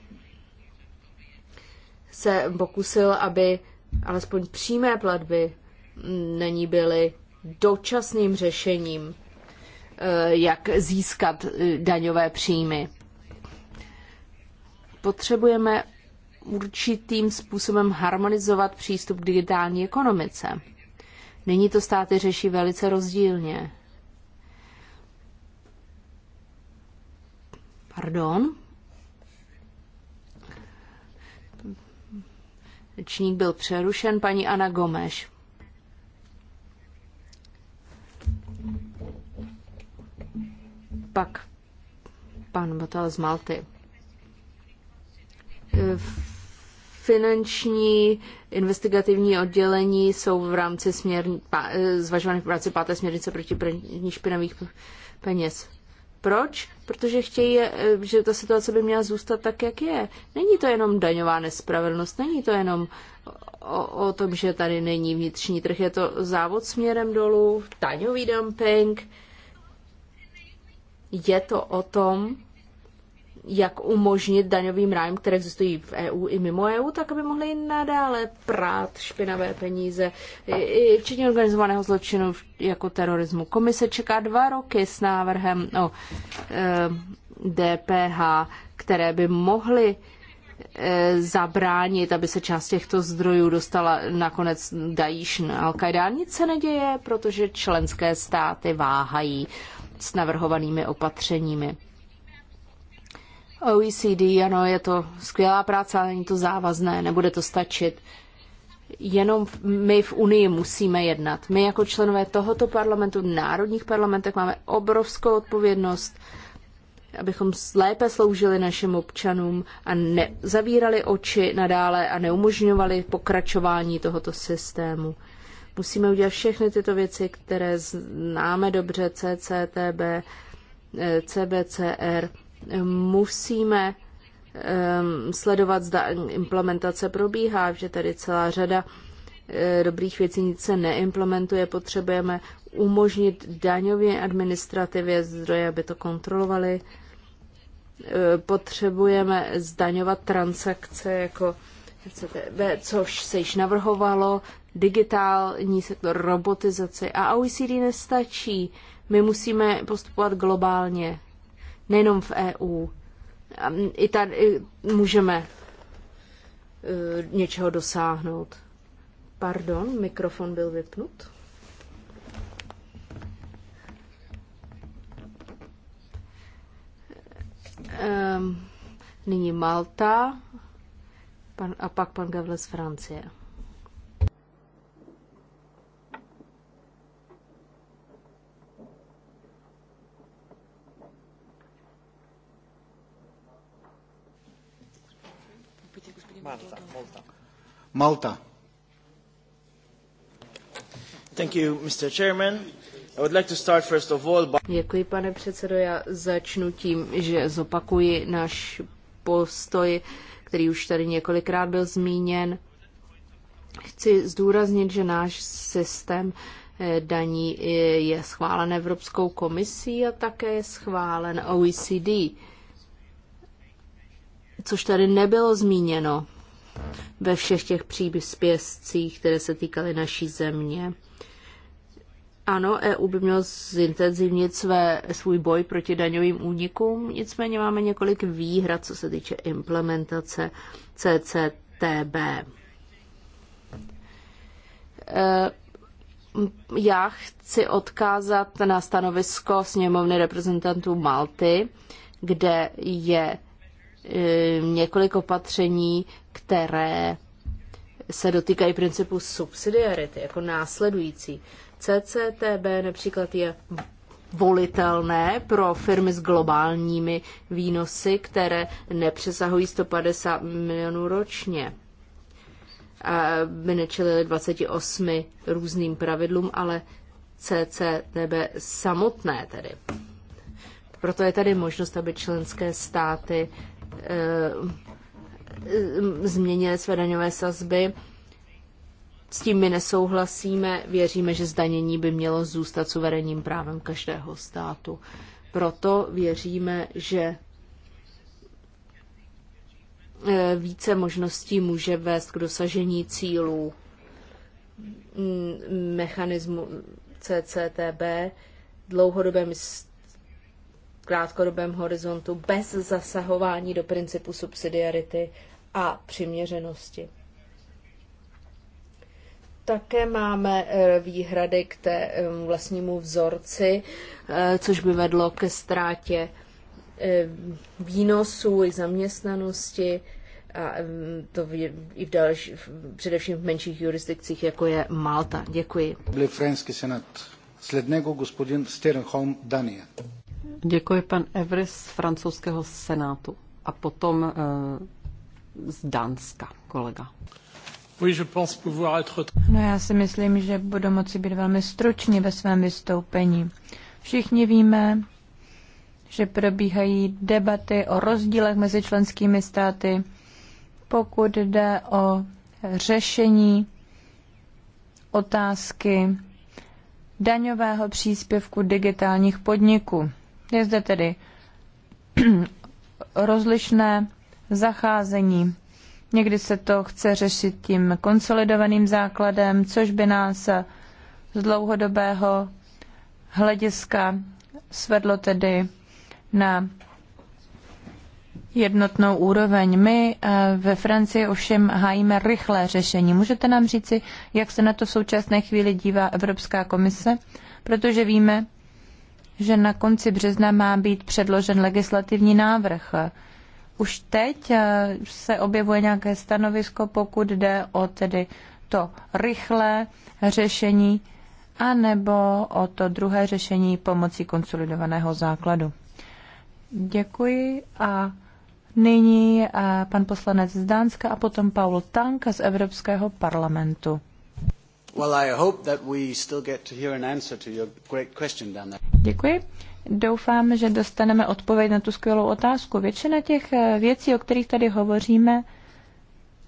[SPEAKER 4] se pokusil, aby alespoň přímé platby není byly dočasným řešením, eh, jak získat eh, daňové příjmy. Potřebujeme určitým způsobem harmonizovat přístup k digitální ekonomice. Nyní to státy řeší velice rozdílně. Pardon. Řečník byl přerušen paní Ana Gomeš. Pak pan Batal z Malty. Finanční investigativní oddělení jsou v rámci směrn... Eh, zvažovaných práci páté směrnice proti praní špinavých peněz. Proč? Protože chtějí, eh, že ta situace by měla zůstat tak, jak je. Není to jenom daňová nespravedlnost, není to jenom o, o tom, že tady není vnitřní trh, je to závod směrem dolů, daňový dumping. Je to o tom, jak umožnit daňovým rájem, které existují v EU i mimo EU, tak aby mohli nadále prát špinavé peníze, i včetně organizovaného zločinu jako terorismu. Komise čeká dva roky s návrhem o e, eh, DPH, které by mohly e, zabránit, aby se část těchto zdrojů dostala nakonec Dajíš na Al-Qaida. Nic se neděje, protože členské státy váhají s navrhovanými opatřeními OECD, ano, je to skvělá práce, ale není to závazné, nebude to stačit. Jenom my v Unii musíme jednat. My jako členové tohoto parlamentu, národních parlamentech, máme obrovskou odpovědnost, abychom lépe sloužili našim občanům a nezavírali oči nadále a neumožňovali pokračování tohoto systému. Musíme udělat všechny tyto věci, které známe dobře, CCTB, eh, CBCR, musíme ehm, sledovat, zda implementace probíhá, že tady celá řada eh, dobrých věcí nic se neimplementuje, potřebujeme umožnit daňové administrativě zdroje, aby to kontrolovali. Eh, potřebujeme zdaňovat transakce jako CTB, což se již navrhovalo, digitální sektor, robotizaci a OECD nestačí. My musíme postupovat globálně nejenom v EU. I tady můžeme e, něčeho dosáhnout. Pardon, mikrofon byl vypnut. Ehm, nyní Malta a pak pan Gavle z Francie.
[SPEAKER 1] Malta. Malta.
[SPEAKER 4] Thank you, Mr. Chairman. Děkuji, pane předsedo. Já začnu tím, že zopakuji náš postoj, který už tady několikrát byl zmíněn. Chci zdůraznit, že náš systém eh, daní eh, je schválen Evropskou komisí a také je schválen OECD, což tady nebylo zmíněno ve všech těch příspěvcích, které se týkaly naší země. Ano, EU by měl zintenzivnit své, svůj boj proti daňovým únikům, nicméně máme několik výhrad, co se týče implementace CCTB. E, já chci odkázat na stanovisko sněmovny reprezentantů Malty, kde je e, několik opatření které se dotýkají principu subsidiarity, jako následující. CCTB například je volitelné pro firmy s globálními výnosy, které nepřesahují 150 milionů ročně. By nečelili 28 různým pravidlům, ale CCTB samotné tedy. Proto je tady možnost, aby členské státy eh, Eh, změnili své daňové sazby. S tím my nesouhlasíme, věříme, že zdanění by mělo zůstat suverénním právem každého státu. Proto věříme, že eh, více možností může vést k dosažení cílů mm, mechanismu CCTB, dlouhodobě krátkodobém horizontu bez zasahování do principu subsidiarity a přiměřenosti. Také máme e, výhrady k té e, vlastnímu vzorci, e, což by vedlo ke ztrátě výnosů i zaměstnanosti a to i v další, především v menších jurisdikcích, jako je Malta. Děkuji.
[SPEAKER 1] Byli franský senát Sledného gospodin Sternholm Danie.
[SPEAKER 3] Děkuji pan Evres z francouzského senátu a potom eh, z Dánska kolega.
[SPEAKER 2] No já si myslím, že budu moci být velmi stručný ve svém vystoupení. Všichni víme, že probíhají debaty o rozdílech mezi členskými státy, pokud jde o řešení otázky daňového příspěvku digitálních podniků. Je zde tedy rozlišné zacházení. Někdy se to chce řešit tím konsolidovaným základem, což by nás z dlouhodobého hlediska svedlo tedy na jednotnou úroveň. My eh, ve Francii ovšem hájíme rychlé řešení. Můžete nám říci, jak se na to v současné chvíli dívá Evropská komise? Protože víme, že na konci března má být předložen legislativní návrh. Už teď eh, se objevuje nějaké stanovisko, pokud jde o tedy to rychlé řešení, anebo o to druhé řešení pomocí konsolidovaného základu. Děkuji a nyní eh, pan poslanec z Dánska a potom Paul Tank z Evropského parlamentu.
[SPEAKER 1] Well, I hope that we still get to hear an answer to your great question down there.
[SPEAKER 2] Děkuji. Doufám, že dostaneme odpověď na tu skvělou otázku. Většina těch eh, věcí, o kterých tady hovoříme,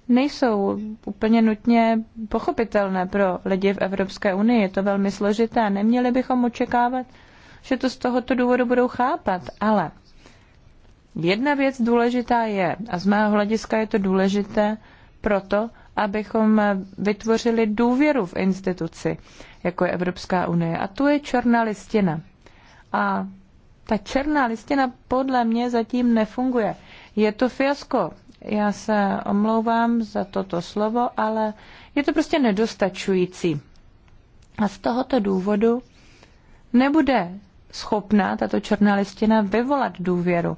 [SPEAKER 2] nejsou úplně nutně pochopitelné pro lidi v Evropské unii. Je to velmi složité. Neměli bychom očekávat, že to z tohoto důvodu budou chápat, ale jedna věc důležitá je, a z mého hlediska je to důležité proto, abychom vytvořili důvěru v instituci, jako je Evropská unie. A tu je černá listina. A ta černá listina podle mě zatím nefunguje. Je to fiasko. Já se omlouvám za toto slovo, ale je to prostě nedostačující. A z tohoto důvodu nebude schopná tato černá listina vyvolat důvěru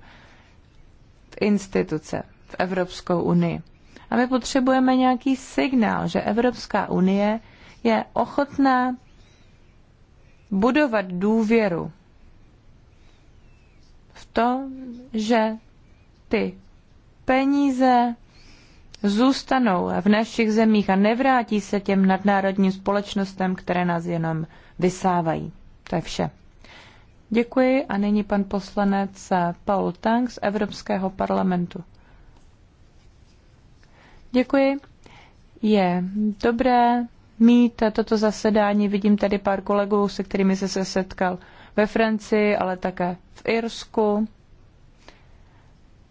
[SPEAKER 2] v instituce, v Evropskou unii. A my potřebujeme nějaký signál, že Evropská unie je ochotná budovat důvěru v to, že ty peníze zůstanou v našich zemích a nevrátí se těm nadnárodním společnostem, které nás jenom vysávají. To je vše. Děkuji a nyní pan poslanec Paul Tang z Evropského parlamentu. Děkuji. Je dobré mít toto zasedání. Vidím tady pár kolegů, se kterými jsi se setkal ve Francii, ale také v Irsku.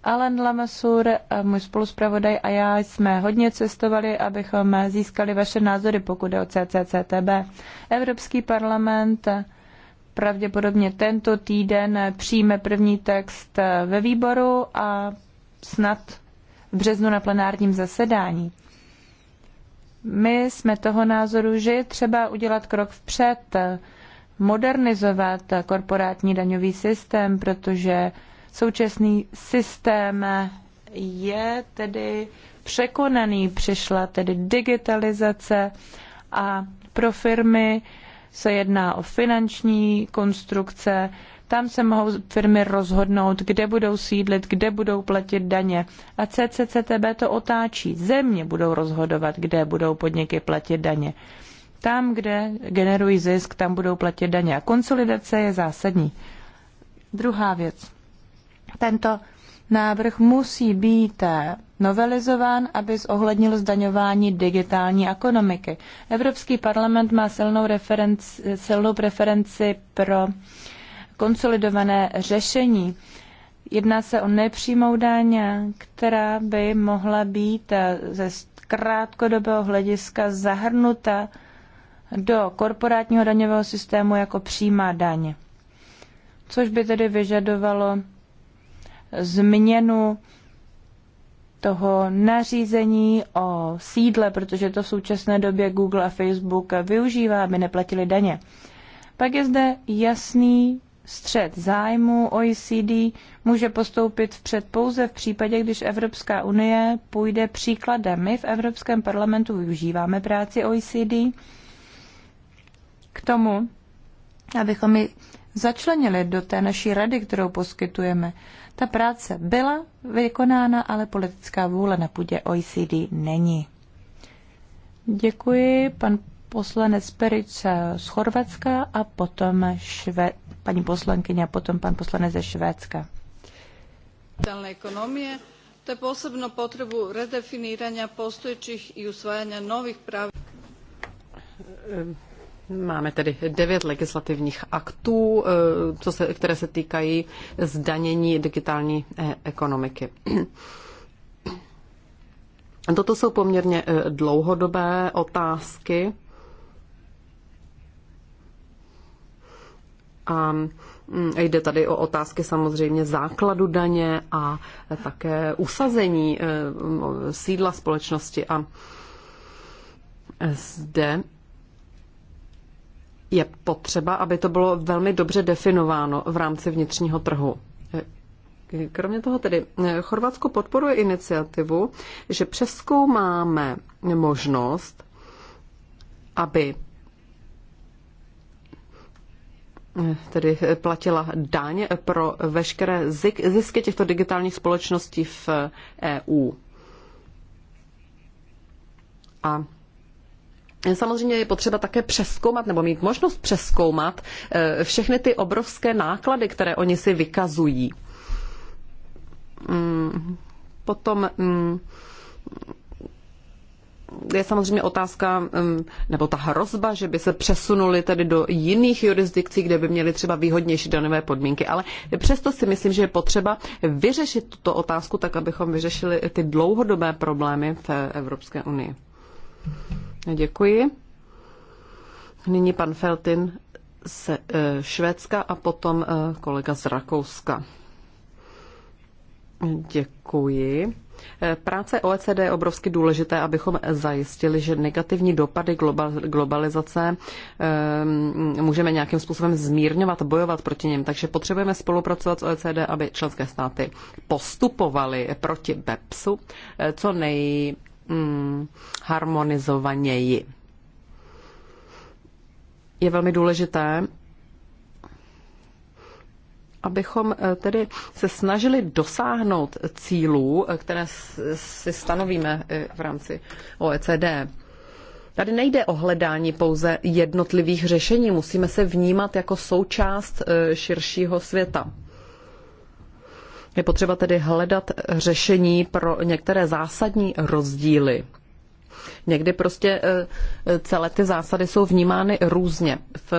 [SPEAKER 2] Alan Lamassur, můj spoluspravodaj a já jsme hodně cestovali, abychom získali vaše názory, pokud je o CCCTB. Evropský parlament pravděpodobně tento týden přijme první text ve výboru a snad v březnu na plenárním zasedání. My jsme toho názoru, že je třeba udělat krok vpřed, modernizovat korporátní daňový systém, protože současný systém je tedy překonaný, přišla tedy digitalizace a pro firmy se jedná o finanční konstrukce, tam se mohou firmy rozhodnout, kde budou sídlit, kde budou platit daně. A CCCTB to otáčí. Země budou rozhodovat, kde budou podniky platit daně. Tam, kde generují zisk, tam budou platit daně. A konsolidace je zásadní. Druhá věc. Tento návrh musí být novelizován, aby zohlednil zdaňování digitální ekonomiky. Evropský parlament má silnou, referenci, silnou preferenci pro konsolidované řešení. Jedná se o nepřímou daň, která by mohla být ze krátkodobého hlediska zahrnuta do korporátního daňového systému jako přímá daň. Což by tedy vyžadovalo změnu toho nařízení o sídle, protože to v současné době Google a Facebook využívá, aby neplatili daně. Pak je zde jasný střed zájmu OECD může postoupit vpřed pouze v případě, když Evropská unie půjde příkladem. My v Evropském parlamentu využíváme práci OECD k tomu, abychom ji začlenili do té naší rady, kterou poskytujeme. Ta práce byla vykonána, ale politická vůle na půdě OECD není. Děkuji. Pan poslanec Perič z Chorvatska a potom šve, paní poslankyně a potom pan poslanec ze Švédska.
[SPEAKER 3] to te posebno potřebu redefinování postojećih i usvajanja nových práv. Máme tedy devět legislativních aktů, eh, co se, které se týkají zdanění digitální eh, ekonomiky. Toto jsou poměrně eh, dlouhodobé otázky A mm, jde tady o otázky samozřejmě základu daně a také usazení eh, sídla společnosti. A zde je potřeba, aby to bylo velmi dobře definováno v rámci vnitřního trhu. Eh, kromě toho tedy eh, Chorvatsko podporuje iniciativu, že přeskoumáme možnost, aby tedy platila daň pro veškeré zisky těchto digitálních společností v EU. A Samozřejmě je potřeba také přeskoumat nebo mít možnost přeskoumat eh, všechny ty obrovské náklady, které oni si vykazují. Mm, potom mm, je samozřejmě otázka, nebo ta hrozba, že by se přesunuli tedy do jiných jurisdikcí, kde by měli třeba výhodnější danové podmínky. Ale přesto si myslím, že je potřeba vyřešit tuto otázku tak, abychom vyřešili ty dlouhodobé problémy v Evropské unii. Děkuji. Nyní pan Feltin z e, Švédska a potom e, kolega z Rakouska. Děkuji. Eh, práce OECD je obrovsky důležité, abychom zajistili, že negativní dopady globalizace ehm, můžeme nějakým způsobem zmírňovat, bojovat proti nim. Takže potřebujeme spolupracovat s OECD, aby členské státy postupovaly proti BEPSu eh, co nejharmonizovaněji. Mm, je velmi důležité, abychom eh, tedy se snažili dosáhnout cílů, eh, které si stanovíme eh, v rámci OECD. Tady nejde o hledání pouze jednotlivých řešení, musíme se vnímat jako součást širšího světa. Je potřeba tedy hledat řešení pro některé zásadní rozdíly. Někdy prostě celé ty zásady jsou vnímány různě. V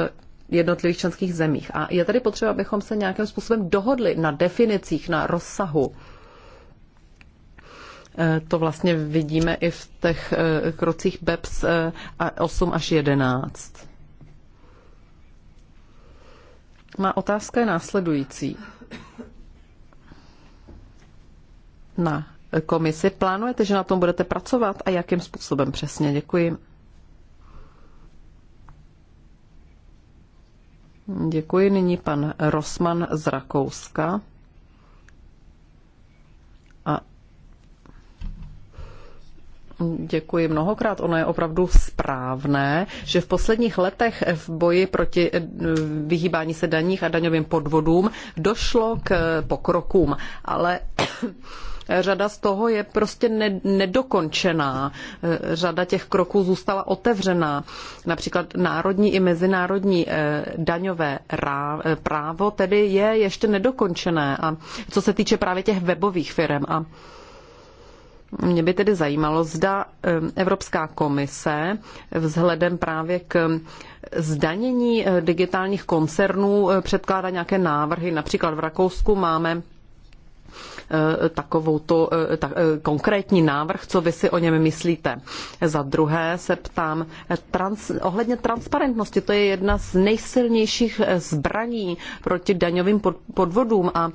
[SPEAKER 3] jednotlivých členských zemích. A je tady potřeba, abychom se nějakým způsobem dohodli na definicích, na rozsahu. Eh, to vlastně vidíme i v těch eh, krocích BEPS 8 eh, až 11. Má otázka je následující. Na komisi plánujete, že na tom budete pracovat a jakým způsobem přesně? Děkuji. Děkuji. Nyní pan Rosman z Rakouska. A Děkuji mnohokrát. Ono je opravdu správné, že v posledních letech v boji proti eh, vyhýbání se daních a daňovým podvodům došlo k pokrokům. Ale Řada z toho je prostě nedokončená. Eh, řada těch kroků zůstala otevřená. Například národní i mezinárodní eh, daňové eh, právo tedy je ještě nedokončené. A co se týče právě těch webových firm a mě by tedy zajímalo, zda Evropská komise vzhledem právě k zdanění digitálních koncernů předkládá nějaké návrhy. Například v Rakousku máme Eh, takovou eh, tu, eh, konkrétní návrh, co vy si o něm myslíte. Za druhé se ptám trans, ohledně transparentnosti. To je jedna z nejsilnějších zbraní proti daňovým podvodům a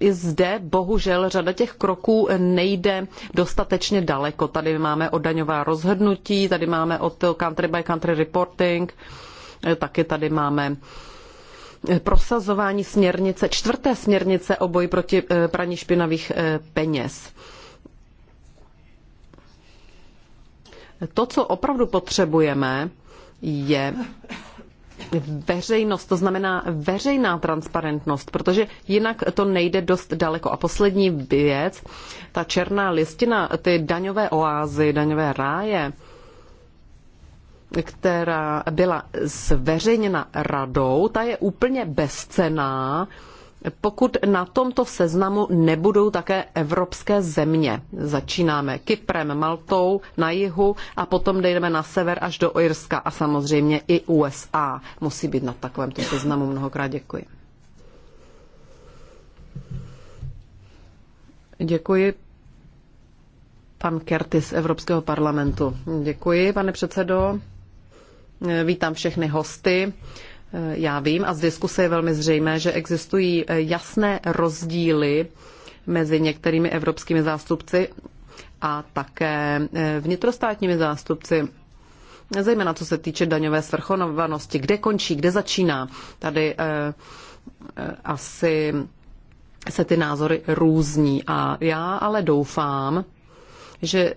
[SPEAKER 3] i zde bohužel řada těch kroků nejde dostatečně daleko. Tady máme o daňová rozhodnutí, tady máme o to country by country reporting, taky tady máme Eh, prosazování směrnice, čtvrté směrnice o boji proti eh, praní špinavých eh, peněz. To, co opravdu potřebujeme, je veřejnost, to znamená veřejná transparentnost, protože jinak to nejde dost daleko. A poslední věc, ta černá listina, ty daňové oázy, daňové ráje, která byla zveřejněna radou, ta je úplně bezcená, pokud na tomto seznamu nebudou také evropské země. Začínáme Kyprem, Maltou na jihu a potom dejdeme na sever až do Irska a samozřejmě i USA musí být na takovémto seznamu. Mnohokrát děkuji. Děkuji. Pan Kertis Evropského parlamentu. Děkuji, pane předsedo. Vítám všechny hosty. Já vím a z diskuse je velmi zřejmé, že existují jasné rozdíly mezi některými evropskými zástupci a také vnitrostátními zástupci zejména co se týče daňové svrchovanosti, kde končí, kde začíná. Tady eh, eh asi se ty názory různí a já ale doufám, že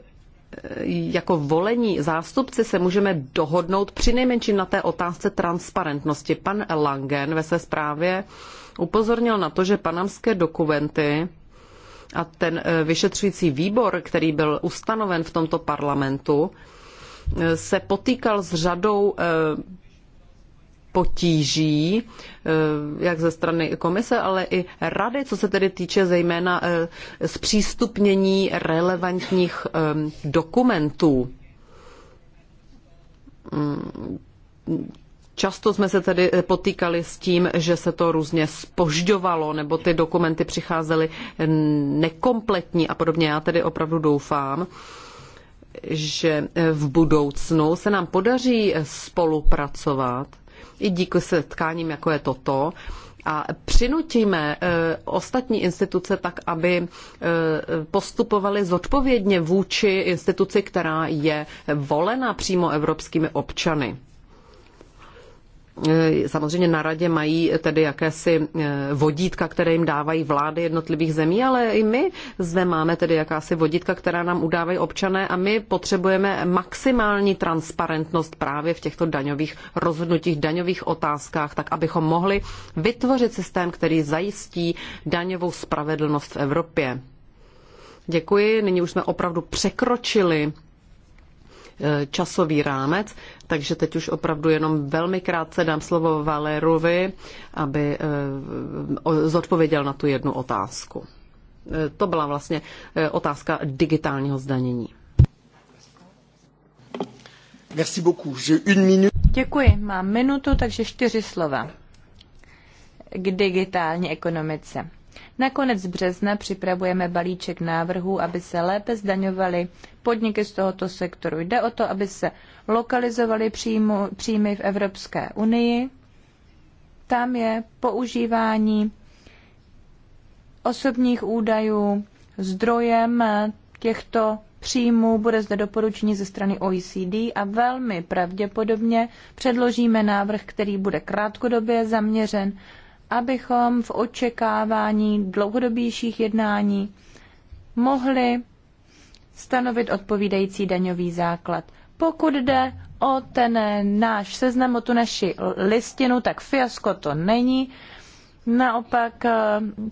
[SPEAKER 3] jako volení zástupci se můžeme dohodnout při nejmenším na té otázce transparentnosti. Pan Langen ve své zprávě upozornil na to, že panamské dokumenty a ten eh, vyšetřující výbor, který byl ustanoven v tomto parlamentu, eh, se potýkal s řadou eh, potíží, eh, jak ze strany komise, ale i rady, co se tedy týče zejména eh, zpřístupnění relevantních eh, dokumentů. Mm, často jsme se tedy potýkali s tím, že se to různě spožďovalo, nebo ty dokumenty přicházely nekompletní a podobně. Já tedy opravdu doufám, že v budoucnu se nám podaří spolupracovat i díky setkáním, jako je toto, a přinutíme eh, ostatní instituce tak, aby eh, postupovaly zodpovědně vůči instituci, která je volena přímo evropskými občany. Eh, samozřejmě na radě mají tedy jakési eh, vodítka, které jim dávají vlády jednotlivých zemí, ale i my zde máme tedy jakási vodítka, která nám udávají občané a my potřebujeme maximální transparentnost právě v těchto daňových rozhodnutích, daňových otázkách, tak abychom mohli vytvořit systém, který zajistí daňovou spravedlnost v Evropě. Děkuji, nyní už jsme opravdu překročili E, časový rámec, takže teď už opravdu jenom velmi krátce dám slovo Valerovi, aby e, zodpověděl na tu jednu otázku. E, to byla vlastně otázka digitálního zdanění.
[SPEAKER 1] Merci beaucoup.
[SPEAKER 2] Děkuji. Mám minutu, takže čtyři slova. K digitální ekonomice. Na konec března připravujeme balíček návrhů, aby se lépe zdaňovaly podniky z tohoto sektoru. Jde o to, aby se lokalizovaly příjmy v Evropské unii. Tam je používání osobních údajů zdrojem těchto příjmů bude zde doporučení ze strany OECD a velmi pravděpodobně předložíme návrh, který bude krátkodobě zaměřen abychom v očekávání dlouhodobějších jednání mohli stanovit odpovídající daňový základ. Pokud jde o ten náš seznam, o tu naši listinu, tak fiasko to není. Naopak eh,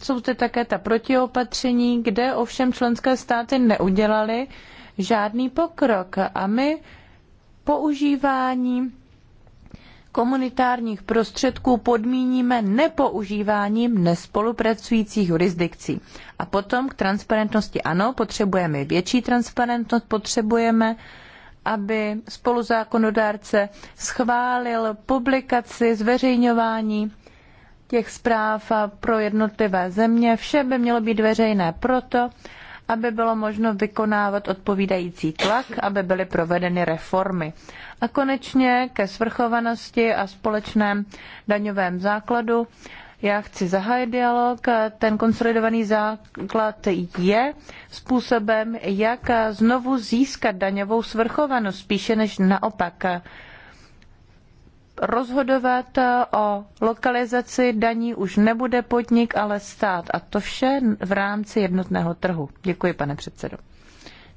[SPEAKER 2] jsou zde také ta protiopatření, kde ovšem členské státy neudělaly žádný pokrok a my používání komunitárních prostředků podmíníme nepoužíváním nespolupracujících jurisdikcí. A potom k transparentnosti ano, potřebujeme větší transparentnost, potřebujeme aby spoluzákonodárce schválil publikaci, zveřejňování těch zpráv pro jednotlivé země. Vše by mělo být veřejné proto, aby bylo možno vykonávat odpovídající tlak, aby byly provedeny reformy. A konečně ke svrchovanosti a společném daňovém základu. Já chci zahájit dialog. Ten konsolidovaný základ je způsobem, jak znovu získat daňovou svrchovanost, spíše než naopak rozhodovat eh, o lokalizaci daní už nebude podnik, ale stát. A to vše v rámci jednotného trhu. Děkuji, pane předsedo.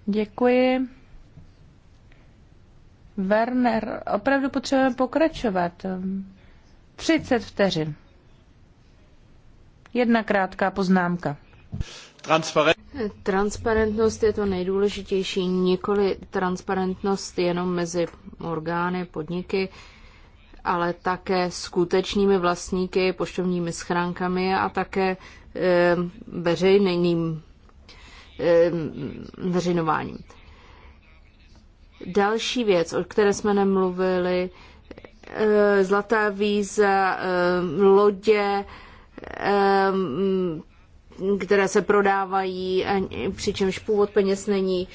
[SPEAKER 2] Děkuji. Werner, opravdu potřebujeme pokračovat. 30 vteřin. Jedna krátká poznámka. Transparent. Transparentnost je to nejdůležitější,
[SPEAKER 4] nikoli transparentnost jenom mezi orgány, podniky, ale také skutečnými vlastníky, poštovními schránkami a také eh, veřejným eh, veřejnováním. Další věc, o které jsme nemluvili, eh, zlatá víza, lodě, které se prodávají, přičemž původ peněz není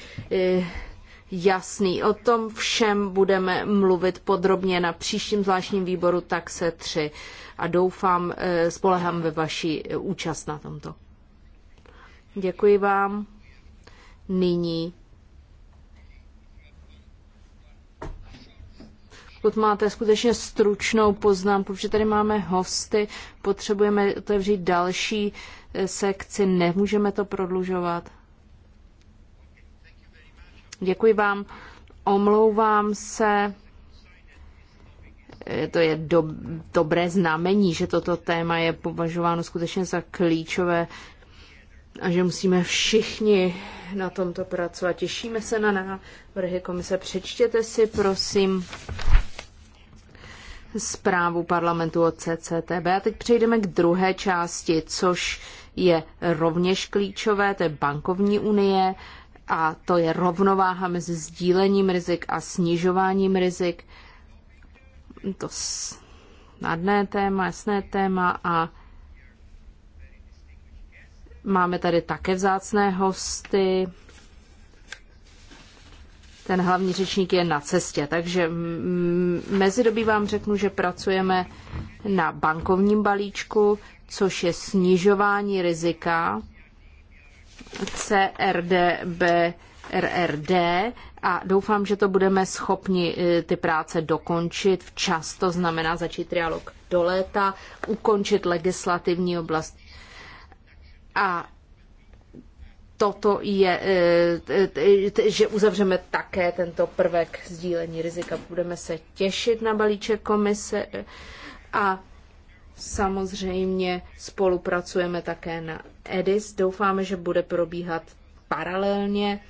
[SPEAKER 4] jasný. O tom všem budeme mluvit podrobně na příštím zvláštním výboru Taxe 3 a doufám, eh, spolehám ve vaší eh, účast na tomto. Děkuji vám. Nyní. Pokud máte skutečně stručnou poznámku, protože tady máme hosty, potřebujeme otevřít další eh, sekci, nemůžeme to prodlužovat. Děkuji vám, omlouvám se. To je do, dobré znamení, že toto téma je považováno skutečně za klíčové a že musíme všichni na tomto pracovat. Těšíme se na návrhy komise. Přečtěte si, prosím, zprávu parlamentu od CCTB. A teď přejdeme k druhé části, což je rovněž klíčové, to je bankovní unie a to je rovnováha mezi sdílením rizik a snižováním rizik. To snadné téma, jasné téma a máme tady také vzácné hosty. Ten hlavní řečník je na cestě, takže mezi dobí vám řeknu, že pracujeme na bankovním balíčku, což je snižování rizika CRDB RRD a doufám, že to budeme schopni e, ty práce dokončit včas, to znamená začít trialog do léta, ukončit legislativní oblast. A toto je, e, že uzavřeme také tento prvek sdílení rizika. Budeme se těšit na balíček komise e, a Samozřejmě spolupracujeme také na EDIS. Doufáme, že bude probíhat paralelně.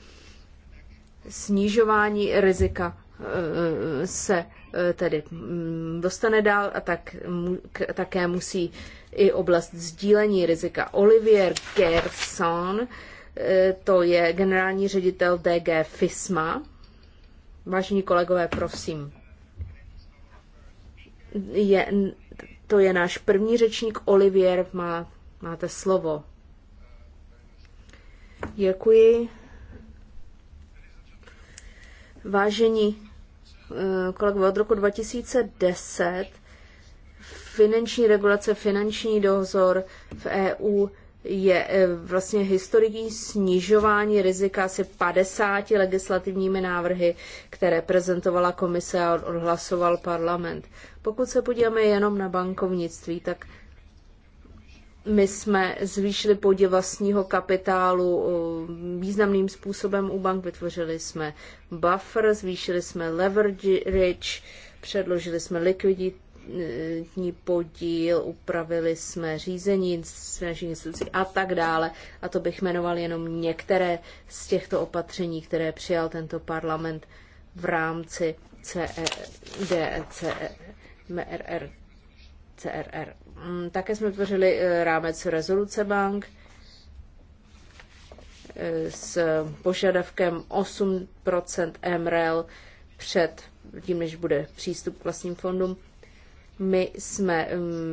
[SPEAKER 4] Snižování rizika eh, se eh, tedy mm, dostane dál a tak také musí i oblast sdílení rizika. Olivier Gerson, eh, to je generální ředitel DG FISMA. Vážení kolegové, prosím. Je to je náš první řečník Olivier, má, máte slovo. Děkuji. Vážení eh, kolegové, od roku 2010 finanční regulace, finanční dozor v EU je eh, vlastně historií snižování rizika asi 50 legislativními návrhy, které prezentovala komise a odhlasoval parlament. Pokud se podíváme jenom na bankovnictví, tak my jsme zvýšili podíl vlastního kapitálu eh, významným způsobem u bank, vytvořili jsme buffer, zvýšili jsme leverage, předložili jsme likviditu, procentní podíl, upravili jsme řízení našich institucí a tak dále. A to bych jmenoval jenom některé z těchto opatření, které přijal tento parlament v rámci CEDC, e e e MRR, CRR. Mm, také jsme tvořili eh, rámec rezoluce bank eh, s požadavkem 8 MREL před tím, než bude přístup k vlastním fondům. My jsme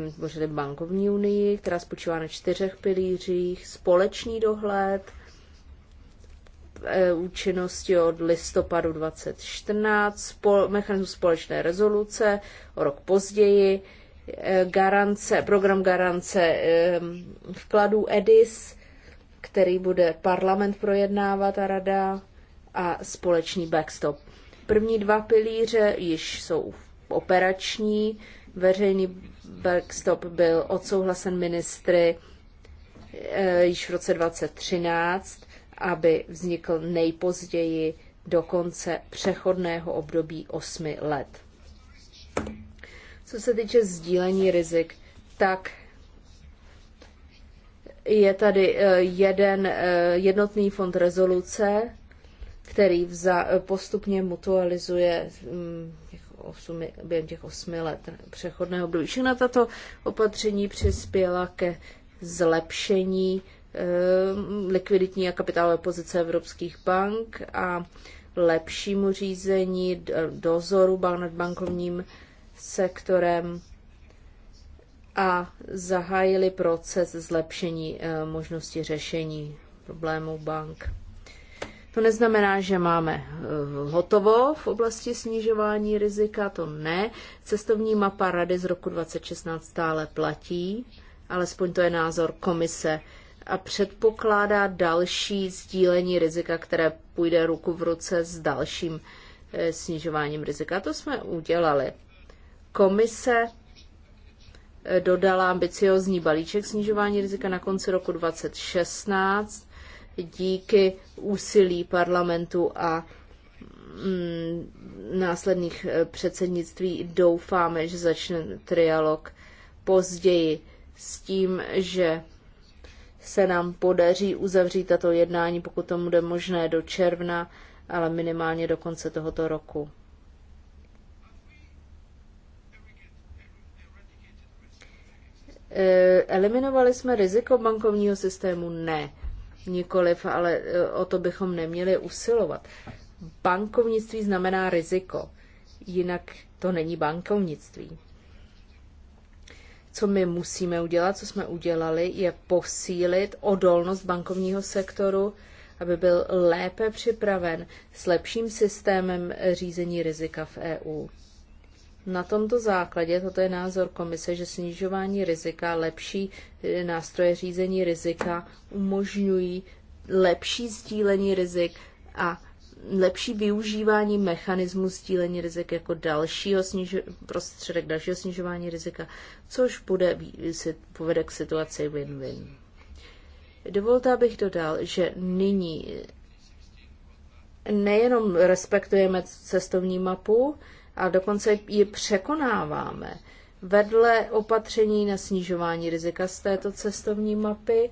[SPEAKER 4] um, tvořili um, bankovní unii, která spočívá na čtyřech pilířích, společný dohled, eh, účinnosti od listopadu 2014, spol, mechanismus společné rezoluce o rok později, eh, garance, program garance eh, vkladů EDIS, který bude parlament projednávat a rada a společný backstop. První dva pilíře již jsou operační, Veřejný backstop byl odsouhlasen ministry eh, již v roce 2013, aby vznikl nejpozději do konce přechodného období 8 let. Co se týče sdílení rizik, tak je tady eh, jeden eh, jednotný fond rezoluce, který vza, postupně mutualizuje hm, osmi, během těch osmi let přechodného období. Všechna tato opatření přispěla ke zlepšení e, likviditní a kapitálové pozice evropských bank a lepšímu řízení dozoru bank nad bankovním sektorem a zahájili proces zlepšení e, možnosti řešení problémů bank. To neznamená, že máme eh, hotovo v oblasti snižování rizika, to ne. Cestovní mapa Rady z roku 2016 stále platí, alespoň to je názor komise a předpokládá další sdílení rizika, které půjde ruku v ruce s dalším eh, snižováním rizika. To jsme udělali. Komise eh, dodala ambiciozní balíček snižování rizika na konci roku 2016 díky úsilí parlamentu a mm, následných eh, předsednictví doufáme, že začne trialog později s tím, že se nám podaří uzavřít tato jednání, pokud to bude možné, do června, ale minimálně do konce tohoto roku. Eh, eliminovali jsme riziko bankovního systému? Ne nikoliv, ale e, o to bychom neměli usilovat. Bankovnictví znamená riziko, jinak to není bankovnictví. Co my musíme udělat, co jsme udělali, je posílit odolnost bankovního sektoru, aby byl lépe připraven s lepším systémem řízení rizika v EU. Na tomto základě toto je názor komise, že snižování rizika, lepší e, nástroje řízení rizika umožňují lepší sdílení rizik a lepší využívání mechanismu sdílení rizik jako dalšího snižo- prostředek dalšího snižování rizika, což bude, povede k situaci win-win. Dovolte, abych dodal, že nyní nejenom respektujeme cestovní mapu, a dokonce ji překonáváme. Vedle opatření na snižování rizika z této cestovní mapy,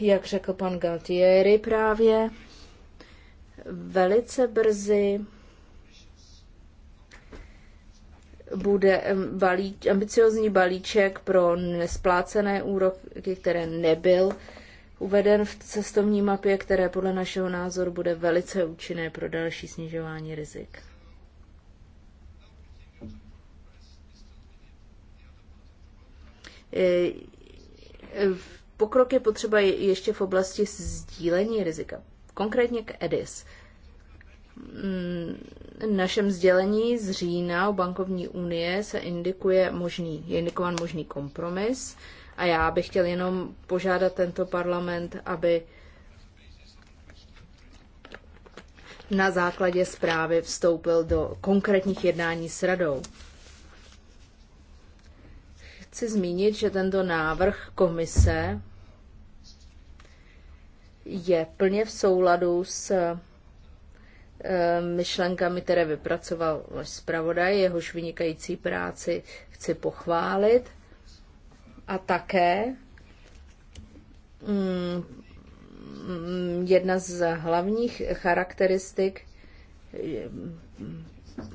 [SPEAKER 4] jak řekl pan Galtieri právě, velice brzy bude balíč, ambiciozní balíček pro nesplácené úroky, které nebyl uveden v cestovní mapě, které podle našeho názoru bude velice účinné pro další snižování rizik. E, pokrok je potřeba ještě v oblasti sdílení rizika, konkrétně k EDIS. Mm, v našem sdělení z října o bankovní unie se indikuje možný, je indikovan možný kompromis, a já bych chtěl jenom požádat tento parlament, aby na základě zprávy vstoupil do konkrétních jednání s radou. Chci zmínit, že tento návrh komise je plně v souladu s eh, myšlenkami, které vypracoval zpravodaj, jehož vynikající práci chci pochválit. A také mm, mm, jedna z hlavních charakteristik,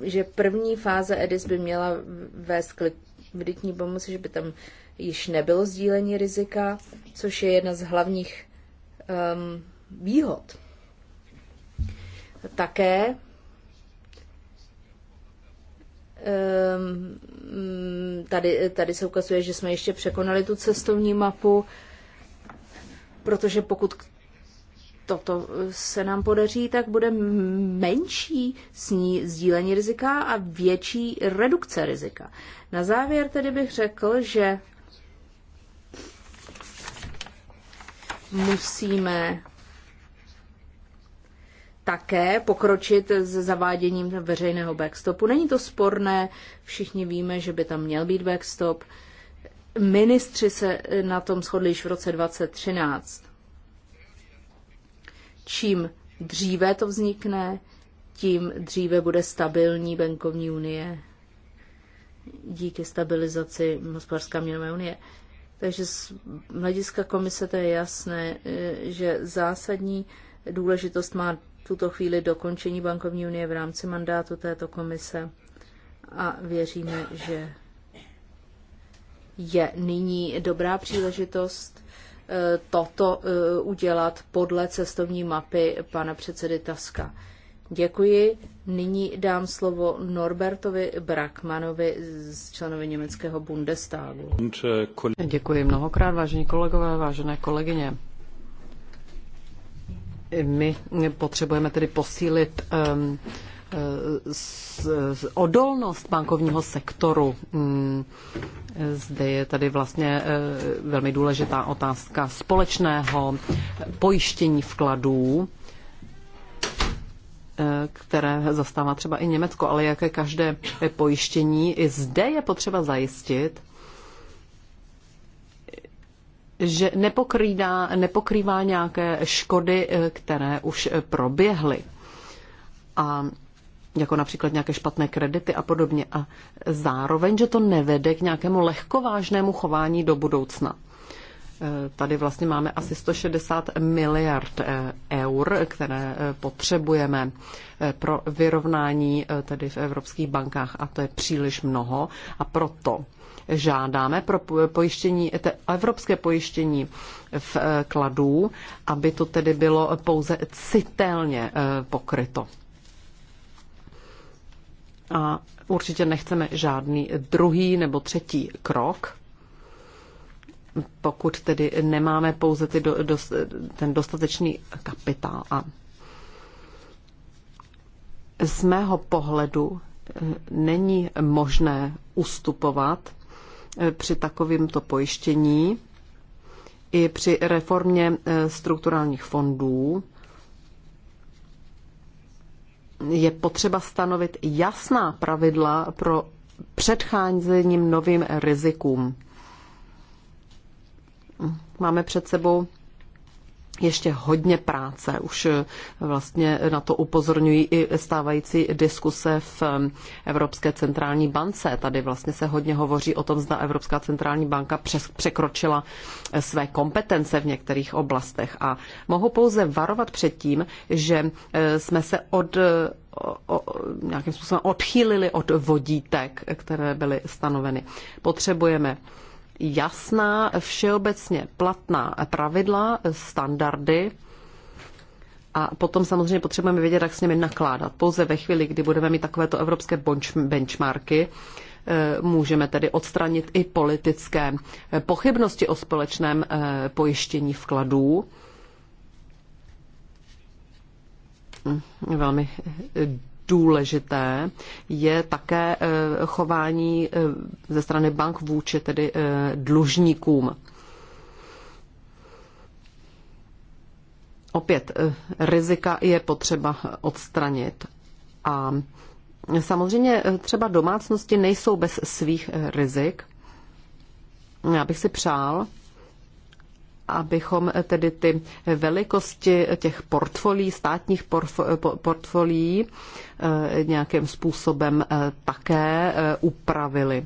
[SPEAKER 4] že první fáze EDIS by měla vést k likviditní pomoci, že by tam již nebylo sdílení rizika, což je jedna z hlavních um, výhod. Také Ehm, mm, tady, tady se ukazuje, že jsme ještě překonali tu cestovní mapu, protože pokud toto eh, se nám podaří, tak bude menší sní, sdílení rizika a větší redukce rizika. Na závěr tedy bych řekl, že musíme také pokročit s zaváděním veřejného backstopu. Není to sporné, všichni víme, že by tam měl být backstop. Ministři se na tom shodli již v roce 2013. Čím dříve to vznikne, tím dříve bude stabilní bankovní unie díky stabilizaci hospodářská měnové unie. Takže z hlediska komise to je jasné, že zásadní důležitost má tuto chvíli dokončení bankovní unie v rámci mandátu této komise a věříme, že je nyní dobrá příležitost eh, toto eh, udělat podle cestovní mapy pana předsedy Taska. Děkuji. Nyní dám slovo Norbertovi Brakmanovi z členovi německého Bundestagu.
[SPEAKER 3] Děkuji mnohokrát, vážení kolegové, vážené kolegyně my potřebujeme tedy posílit um, eh, odolnost bankovního sektoru. Mm, zde je tady vlastně eh, velmi důležitá otázka společného pojištění vkladů, eh, které zastává třeba i Německo, ale jaké každé pojištění. I zde je potřeba zajistit, že nepokrývá, nepokrývá nějaké škody, eh, které už eh, proběhly. A jako například nějaké špatné kredity a podobně. A zároveň, že to nevede k nějakému lehkovážnému chování do budoucna. Eh, tady vlastně máme asi 160 miliard eur, které potřebujeme pro vyrovnání tedy v evropských bankách a to je příliš mnoho a proto žádáme pro pojištění, evropské pojištění vkladů, eh, aby to tedy bylo pouze citelně eh, pokryto. A určitě nechceme žádný druhý nebo třetí krok, pokud tedy nemáme pouze ty do, dost, ten dostatečný kapitál. A z mého pohledu eh, není možné ustupovat při takovýmto pojištění i při reformě eh, strukturálních fondů je potřeba stanovit jasná pravidla pro předcházením novým rizikům. Máme před sebou ještě hodně práce. Už eh, vlastně na to upozorňují i stávající diskuse v eh, Evropské centrální bance. Tady vlastně se hodně hovoří o tom, zda Evropská centrální banka překročila eh, své kompetence v některých oblastech. A mohu pouze varovat před tím, že jsme se od O, o, nějakým způsobem odchýlili od vodítek, které byly stanoveny. Potřebujeme jasná, všeobecně platná pravidla, standardy a potom samozřejmě potřebujeme vědět, jak s nimi nakládat. Pouze ve chvíli, kdy budeme mít takovéto evropské benchmarky, eh, můžeme tedy odstranit i politické pochybnosti o společném eh, pojištění vkladů. Hm, velmi eh, důležité je také eh, chování eh, ze strany bank vůči tedy eh, dlužníkům. Opět, rizika je potřeba odstranit. A samozřejmě třeba domácnosti nejsou bez svých rizik. Já bych si přál, abychom tedy ty velikosti těch portfolií, státních portfolií eh, nějakým způsobem eh, také eh, upravili.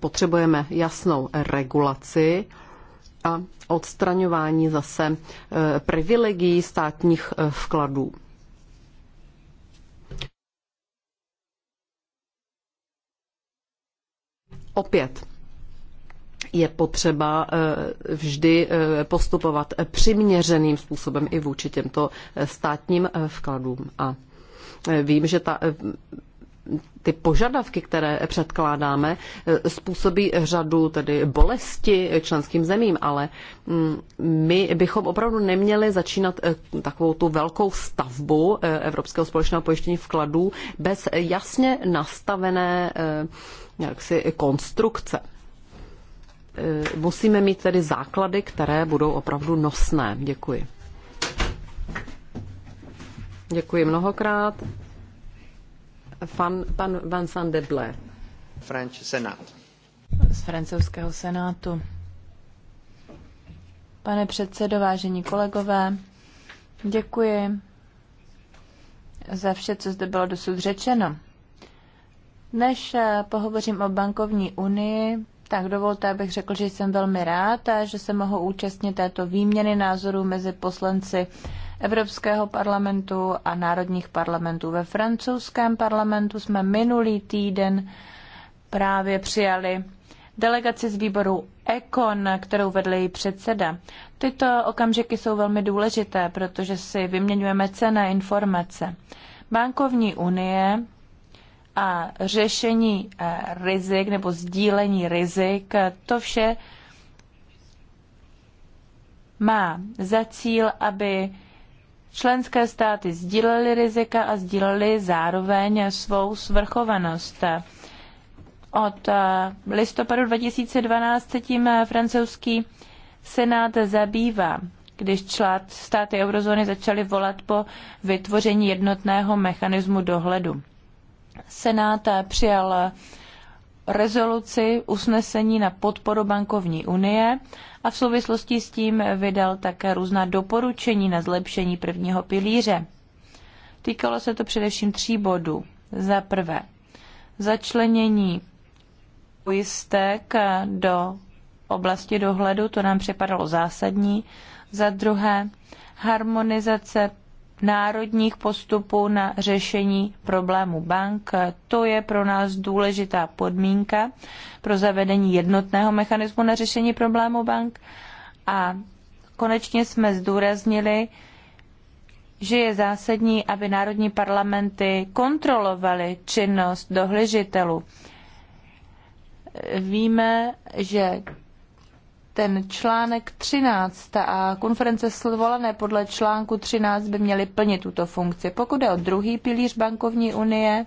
[SPEAKER 3] Potřebujeme jasnou regulaci a odstraňování zase privilegií státních vkladů. Opět je potřeba eh, vždy eh, postupovat přiměřeným způsobem i vůči těmto eh, státním vkladům. A vím, že ta ty požadavky, které předkládáme, způsobí řadu tedy bolesti členským zemím, ale mm, my bychom opravdu neměli začínat takovou tu velkou stavbu Evropského společného pojištění vkladů bez jasně nastavené jaksi konstrukce. Eh, musíme mít tedy základy, které budou opravdu nosné. Děkuji. Děkuji mnohokrát. Pan, pan Vincent Deble.
[SPEAKER 4] French Senát.
[SPEAKER 2] Z francouzského senátu. Pane předsedo, vážení kolegové, děkuji za vše, co zde bylo dosud řečeno. Než eh, pohovořím o bankovní unii, tak dovolte, abych řekl, že jsem velmi rád, že se mohu účastnit této výměny názorů mezi poslanci Evropského parlamentu a národních parlamentů. Ve francouzském parlamentu jsme minulý týden právě přijali delegaci z výboru Econ, kterou vedl její předseda. Tyto okamžiky jsou velmi důležité, protože si vyměňujeme cené informace. Bankovní unie a řešení eh, rizik nebo sdílení rizik, eh, to vše má za cíl, aby členské státy sdílely rizika a sdílely zároveň svou svrchovanost. Od eh, listopadu 2012 se tím francouzský senát zabývá, když člát, státy eurozóny začaly volat po vytvoření jednotného mechanismu dohledu. Senát přijal rezoluci usnesení na podporu bankovní unie a v souvislosti s tím vydal také různá doporučení na zlepšení prvního pilíře. Týkalo se to především tří bodů. Za prvé, začlenění pojistek do oblasti dohledu, to nám připadalo zásadní. Za druhé, harmonizace národních postupů na řešení problému bank. To je pro nás důležitá podmínka pro zavedení jednotného mechanismu na řešení problému bank. A konečně jsme zdůraznili, že je zásadní, aby národní parlamenty kontrolovaly činnost dohležitelů. Víme, že ten článek 13 a konference svolané podle článku 13 by měly plnit tuto funkci. Pokud je o druhý pilíř bankovní unie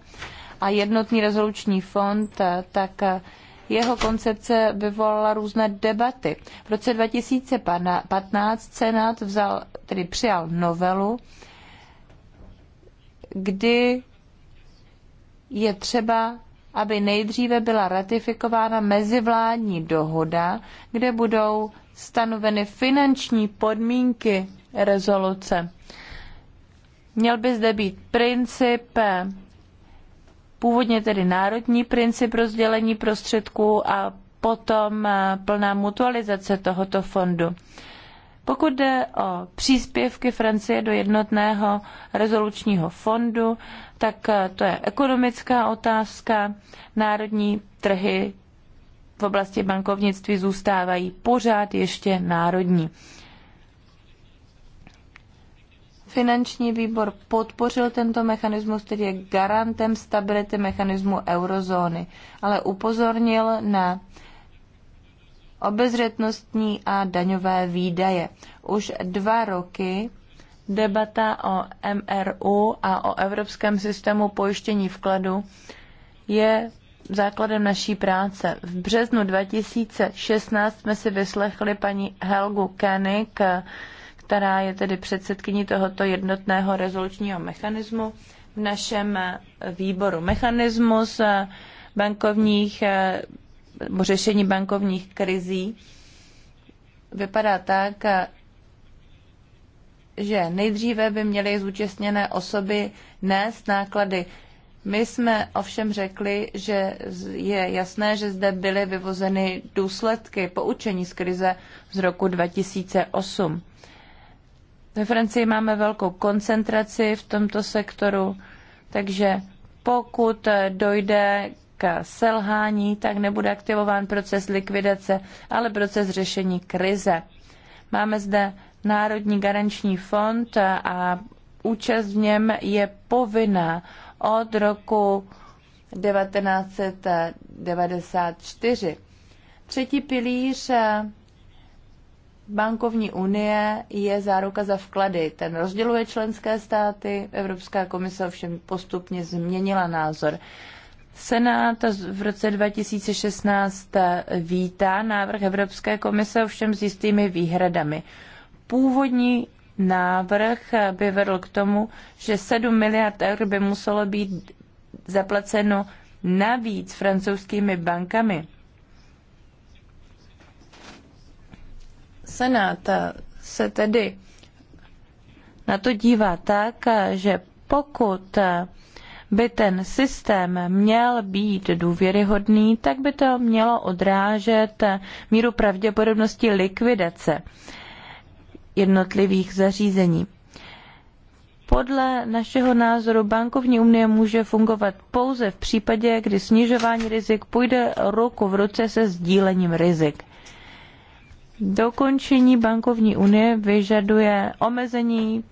[SPEAKER 2] a jednotný rezoluční fond, tak jeho koncepce vyvolala různé debaty. V roce 2015 Senát vzal, tedy přijal novelu, kdy je třeba aby nejdříve byla ratifikována mezivládní dohoda, kde budou stanoveny finanční podmínky rezoluce. Měl by zde být princip, původně tedy národní princip rozdělení prostředků a potom eh, plná mutualizace tohoto fondu. Pokud jde o příspěvky Francie do jednotného rezolučního fondu, tak eh, to je ekonomická otázka. Národní trhy v oblasti bankovnictví zůstávají pořád ještě národní. Finanční výbor podpořil tento mechanismus, který je garantem stability mechanismu eurozóny, ale upozornil na obezřetnostní a daňové výdaje. Už dva roky debata o MRU a o Evropském systému pojištění vkladu je základem naší práce. V březnu 2016 jsme si vyslechli paní Helgu Koenig, která je tedy předsedkyní tohoto jednotného rezolučního mechanismu v našem výboru. Mechanismus bankovních nebo řešení bankovních krizí vypadá tak, že nejdříve by měly zúčastněné osoby nést náklady. My jsme ovšem řekli, že je jasné, že zde byly vyvozeny důsledky poučení z krize z roku 2008. Ve Francii máme velkou koncentraci v tomto sektoru, takže pokud dojde selhání, tak nebude aktivován proces likvidace, ale proces řešení krize. Máme zde Národní garanční fond a účast v něm je povinná od roku 1994. Třetí pilíř eh, bankovní unie je záruka za vklady. Ten rozděluje členské státy. Evropská komise ovšem postupně změnila názor. Senát v roce 2016 vítá návrh Evropské komise ovšem s jistými výhradami. Původní návrh by vedl k tomu, že 7 miliard eur by muselo být zaplaceno navíc francouzskými bankami. Senát se tedy na to dívá tak, že pokud by ten systém měl být důvěryhodný, tak by to mělo odrážet míru pravděpodobnosti likvidace jednotlivých zařízení. Podle našeho názoru bankovní unie může fungovat pouze v případě, kdy snižování rizik půjde ruku v ruce se sdílením rizik. Dokončení bankovní unie vyžaduje omezení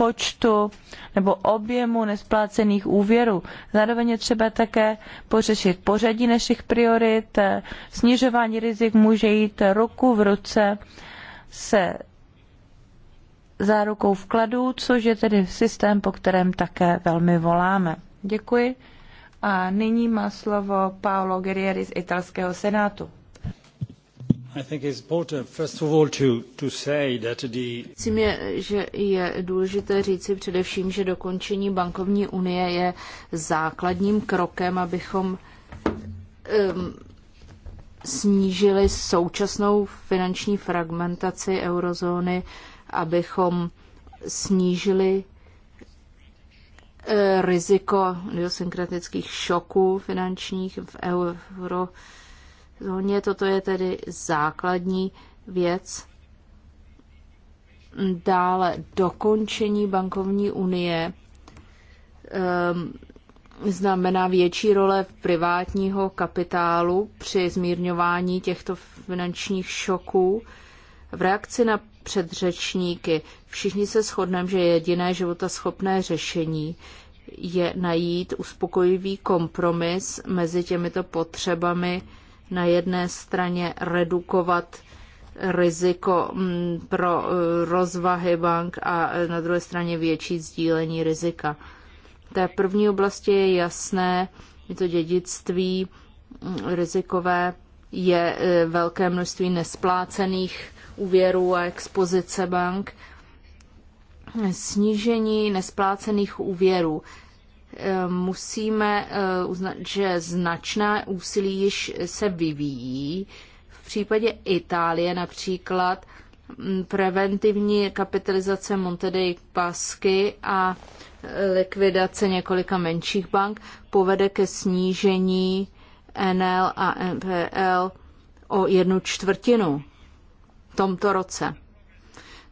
[SPEAKER 2] počtu nebo objemu nesplácených úvěrů. Zároveň je třeba také pořešit pořadí našich priorit. Snižování rizik může jít ruku v ruce se zárukou vkladů, což je tedy systém, po kterém také velmi voláme. Děkuji. A nyní má slovo Paolo Guerrieri z italského senátu.
[SPEAKER 1] Myslím
[SPEAKER 4] je, že je důležité říci především, že dokončení bankovní unie je základním krokem, abychom um, snížili současnou finanční fragmentaci eurozóny, abychom snížili eh, riziko idiosynkratických šoků finančních v euro zóně. Toto je tedy základní věc. Dále dokončení bankovní unie um, znamená větší role privátního kapitálu při zmírňování těchto finančních šoků. V reakci na předřečníky všichni se shodneme, že jediné životaschopné řešení je najít uspokojivý kompromis mezi těmito potřebami na jedné straně redukovat riziko mm, pro e, rozvahy bank a e, na druhé straně větší sdílení rizika. V té první oblasti je jasné, je to dědictví mm, rizikové, je e, velké množství nesplácených úvěrů a expozice bank. Snížení nesplácených úvěrů musíme eh, uznat, že značná úsilí již se vyvíjí. V případě Itálie například mm, preventivní kapitalizace Montedei Pasky a eh, likvidace několika menších bank povede ke snížení NL a NPL o jednu čtvrtinu v tomto roce.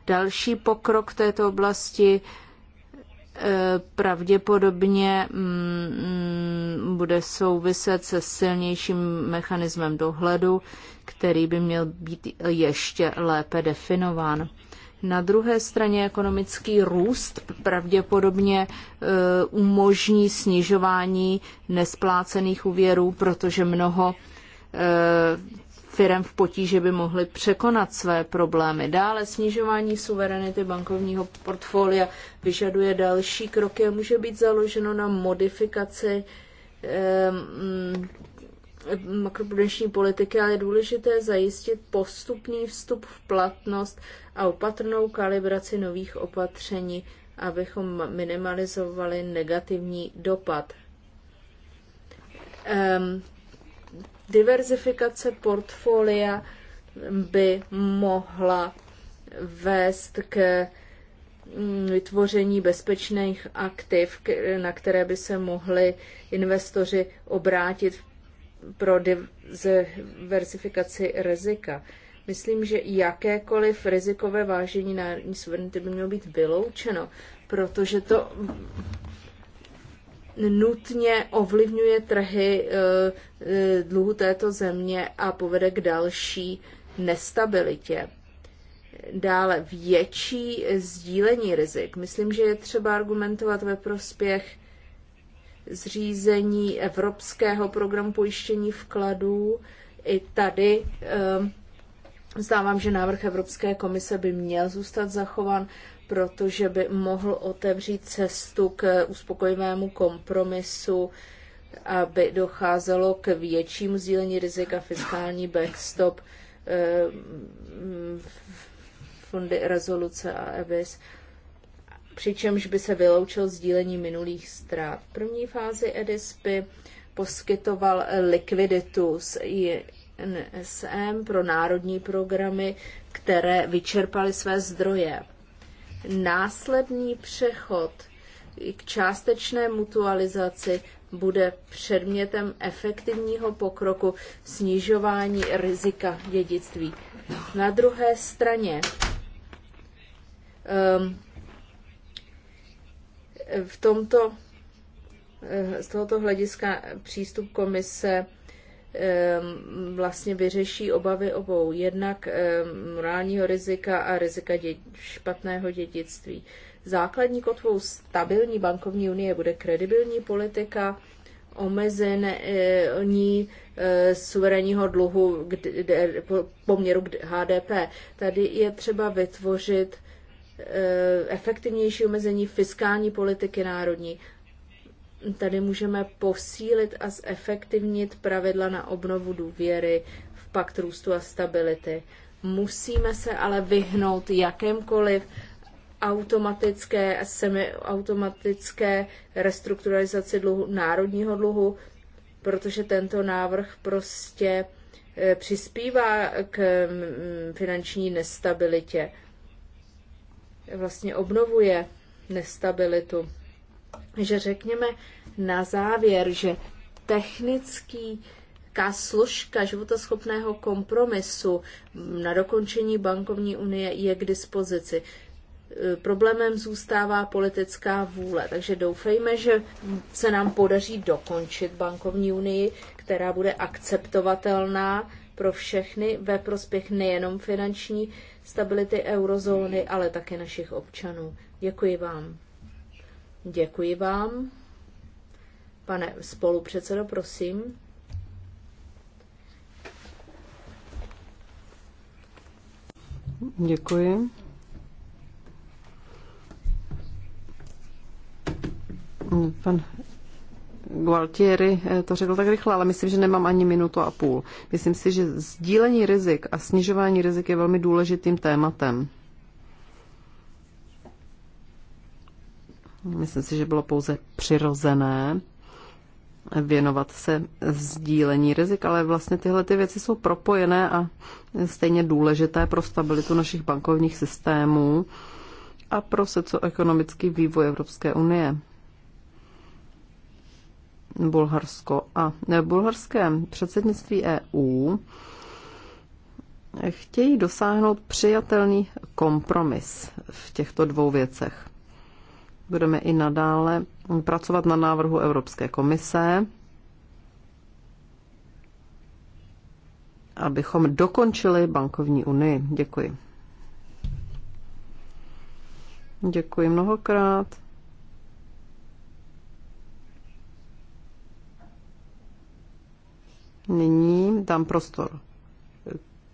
[SPEAKER 4] Další pokrok v této oblasti pravděpodobně mm, mm, bude souviset se silnějším mechanismem dohledu, který by měl být ještě lépe definován. Na druhé straně ekonomický růst pravděpodobně e, umožní snižování nesplácených úvěrů, protože mnoho e, firem v potíži by mohly překonat své problémy. Dále snižování suverenity bankovního portfolia vyžaduje další kroky a může být založeno na modifikaci mm, makroprudenční politiky, ale je důležité zajistit postupný vstup v platnost a opatrnou kalibraci nových opatření, abychom minimalizovali negativní dopad. Diverzifikace portfolia by mohla vést k mm, vytvoření bezpečných aktiv, na které by se mohli investoři obrátit pro diversifikaci rizika. Myslím, že jakékoliv rizikové vážení národní suverenity by mělo být vyloučeno, protože to nutně ovlivňuje trhy eh, eh, dluhu této země a povede k další nestabilitě. Dále větší sdílení rizik. Myslím, že je třeba argumentovat ve prospěch zřízení Evropského programu pojištění vkladů. I tady eh, zdávám, že návrh Evropské komise by měl zůstat zachován protože by mohl otevřít cestu k uspokojivému kompromisu, aby docházelo k většímu sdílení rizika fiskální backstop eh, fondy rezoluce a EBIS, přičemž by se vyloučil sdílení minulých ztrát. V první fázi EDIS by poskytoval likviditu s INSM pro národní programy, které vyčerpaly své zdroje. Následný přechod k částečné mutualizaci bude předmětem efektivního pokroku snižování rizika dědictví. Na druhé straně ehm, v tomto eh, z tohoto hlediska přístup komise vlastně vyřeší obavy obou, jednak morálního rizika a rizika dě- špatného dědictví. Základní kotvou stabilní bankovní unie bude kredibilní politika, omezení e, suverénního dluhu kde, poměru k HDP. Tady je třeba vytvořit e, efektivnější omezení fiskální politiky národní Tady můžeme posílit a zefektivnit pravidla na obnovu důvěry v pakt růstu a stability. Musíme se ale vyhnout jakémkoliv automatické a semiautomatické restrukturalizaci dluhu, národního dluhu, protože tento návrh prostě e, přispívá k finanční nestabilitě. Vlastně obnovuje nestabilitu že řekněme na závěr, že technický složka životoschopného kompromisu na dokončení bankovní unie je k dispozici. E, problémem zůstává politická vůle, takže doufejme, že se nám podaří dokončit bankovní unii, která bude akceptovatelná pro všechny ve prospěch nejenom finanční stability eurozóny, ale také našich občanů. Děkuji vám. Děkuji vám. Pane spolupředsedo, prosím.
[SPEAKER 3] Děkuji. Pan Gualtieri eh, to řekl tak rychle, ale myslím, že nemám ani minutu a půl. Myslím si, že sdílení rizik a snižování rizik je velmi důležitým tématem. Myslím si, že bylo pouze přirozené věnovat se sdílení rizik, ale vlastně tyhle ty věci jsou propojené a stejně důležité pro stabilitu našich bankovních systémů a pro socioekonomický vývoj Evropské unie. Bulharsko a ne, bulharské předsednictví EU chtějí dosáhnout přijatelný kompromis v těchto dvou věcech budeme i nadále pracovat na návrhu Evropské komise, abychom dokončili bankovní unii. Děkuji. Děkuji mnohokrát. Nyní dám prostor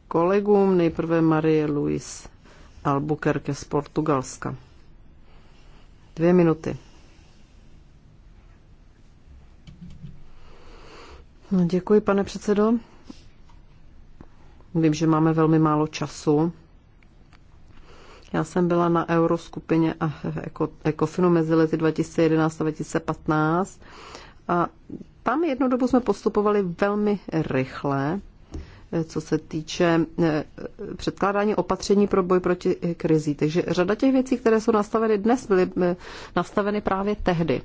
[SPEAKER 3] kolegům, nejprve Marie Luis Albuquerque z Portugalska. Dvě minuty. No, děkuji, pane předsedo. Vím, že máme velmi málo času. Já jsem byla na euroskupině a ECOFINu mezi lety 2011 a 2015 a tam jednu dobu jsme postupovali velmi rychle co se týče eh, předkládání opatření pro boj proti krizi. Takže řada těch věcí, které jsou nastaveny dnes, byly eh, nastaveny právě tehdy.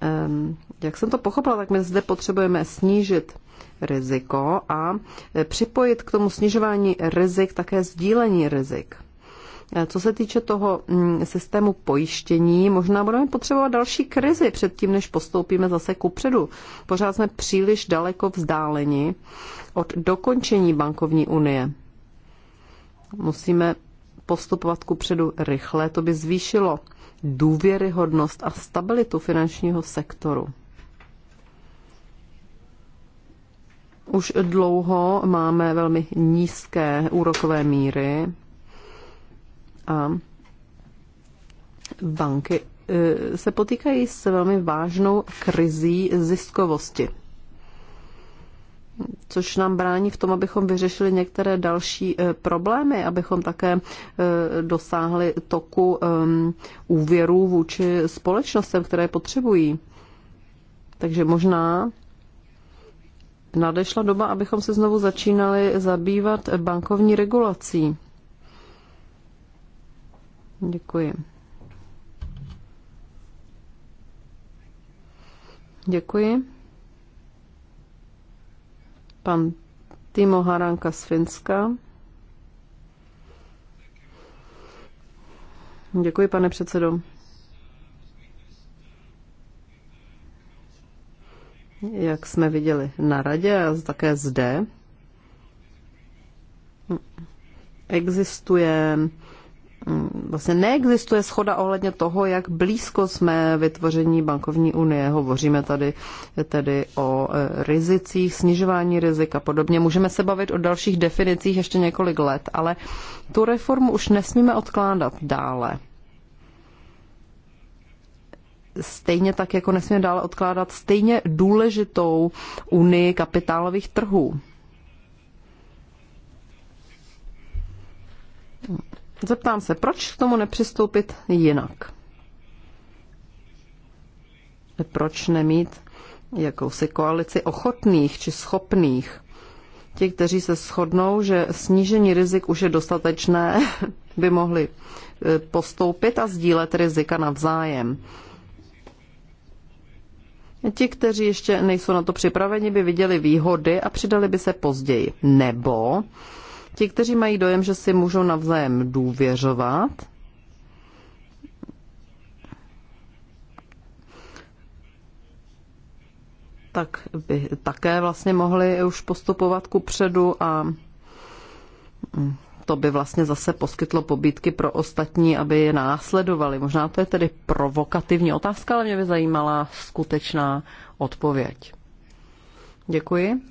[SPEAKER 3] Ehm, jak jsem to pochopila, tak my zde potřebujeme snížit riziko a eh, připojit k tomu snižování rizik také sdílení rizik. Eh, co se týče toho mm, systému pojištění, možná budeme potřebovat další krizi předtím, než postoupíme zase kupředu. Pořád jsme příliš daleko vzdáleni od dokončení bankovní unie. Musíme postupovat kupředu rychle, to by zvýšilo důvěryhodnost a stabilitu finančního sektoru. Už dlouho máme velmi nízké úrokové míry, a banky e, se potýkají s velmi vážnou krizí ziskovosti, což nám brání v tom, abychom vyřešili některé další e, problémy, abychom také e, dosáhli toku úvěrů vůči společnostem, které potřebují. Takže možná nadešla doba, abychom se znovu začínali zabývat bankovní regulací. Děkuji. Děkuji. Pan Timo Haranka z Finska. Děkuji, pane předsedo. Jak jsme viděli na radě a také zde, existuje vlastně neexistuje schoda ohledně toho, jak blízko jsme vytvoření bankovní unie. Hovoříme tady tedy o e, rizicích, snižování rizik a podobně. Můžeme se bavit o dalších definicích ještě několik let, ale tu reformu už nesmíme odkládat dále. Stejně tak, jako nesmíme dále odkládat stejně důležitou unii kapitálových trhů. Zeptám se, proč k tomu nepřistoupit jinak? Proč nemít jakousi koalici ochotných či schopných? Ti, kteří se shodnou, že snížení rizik už je dostatečné, by mohli eh, postoupit a sdílet rizika navzájem. Ti, kteří ještě nejsou na to připraveni, by viděli výhody a přidali by se později. Nebo Ti, kteří mají dojem, že si můžou navzájem důvěřovat, tak by také vlastně mohli už postupovat ku předu a mm, to by vlastně zase poskytlo pobídky pro ostatní, aby je následovali. Možná to je tedy provokativní otázka, ale mě by zajímala skutečná odpověď. Děkuji.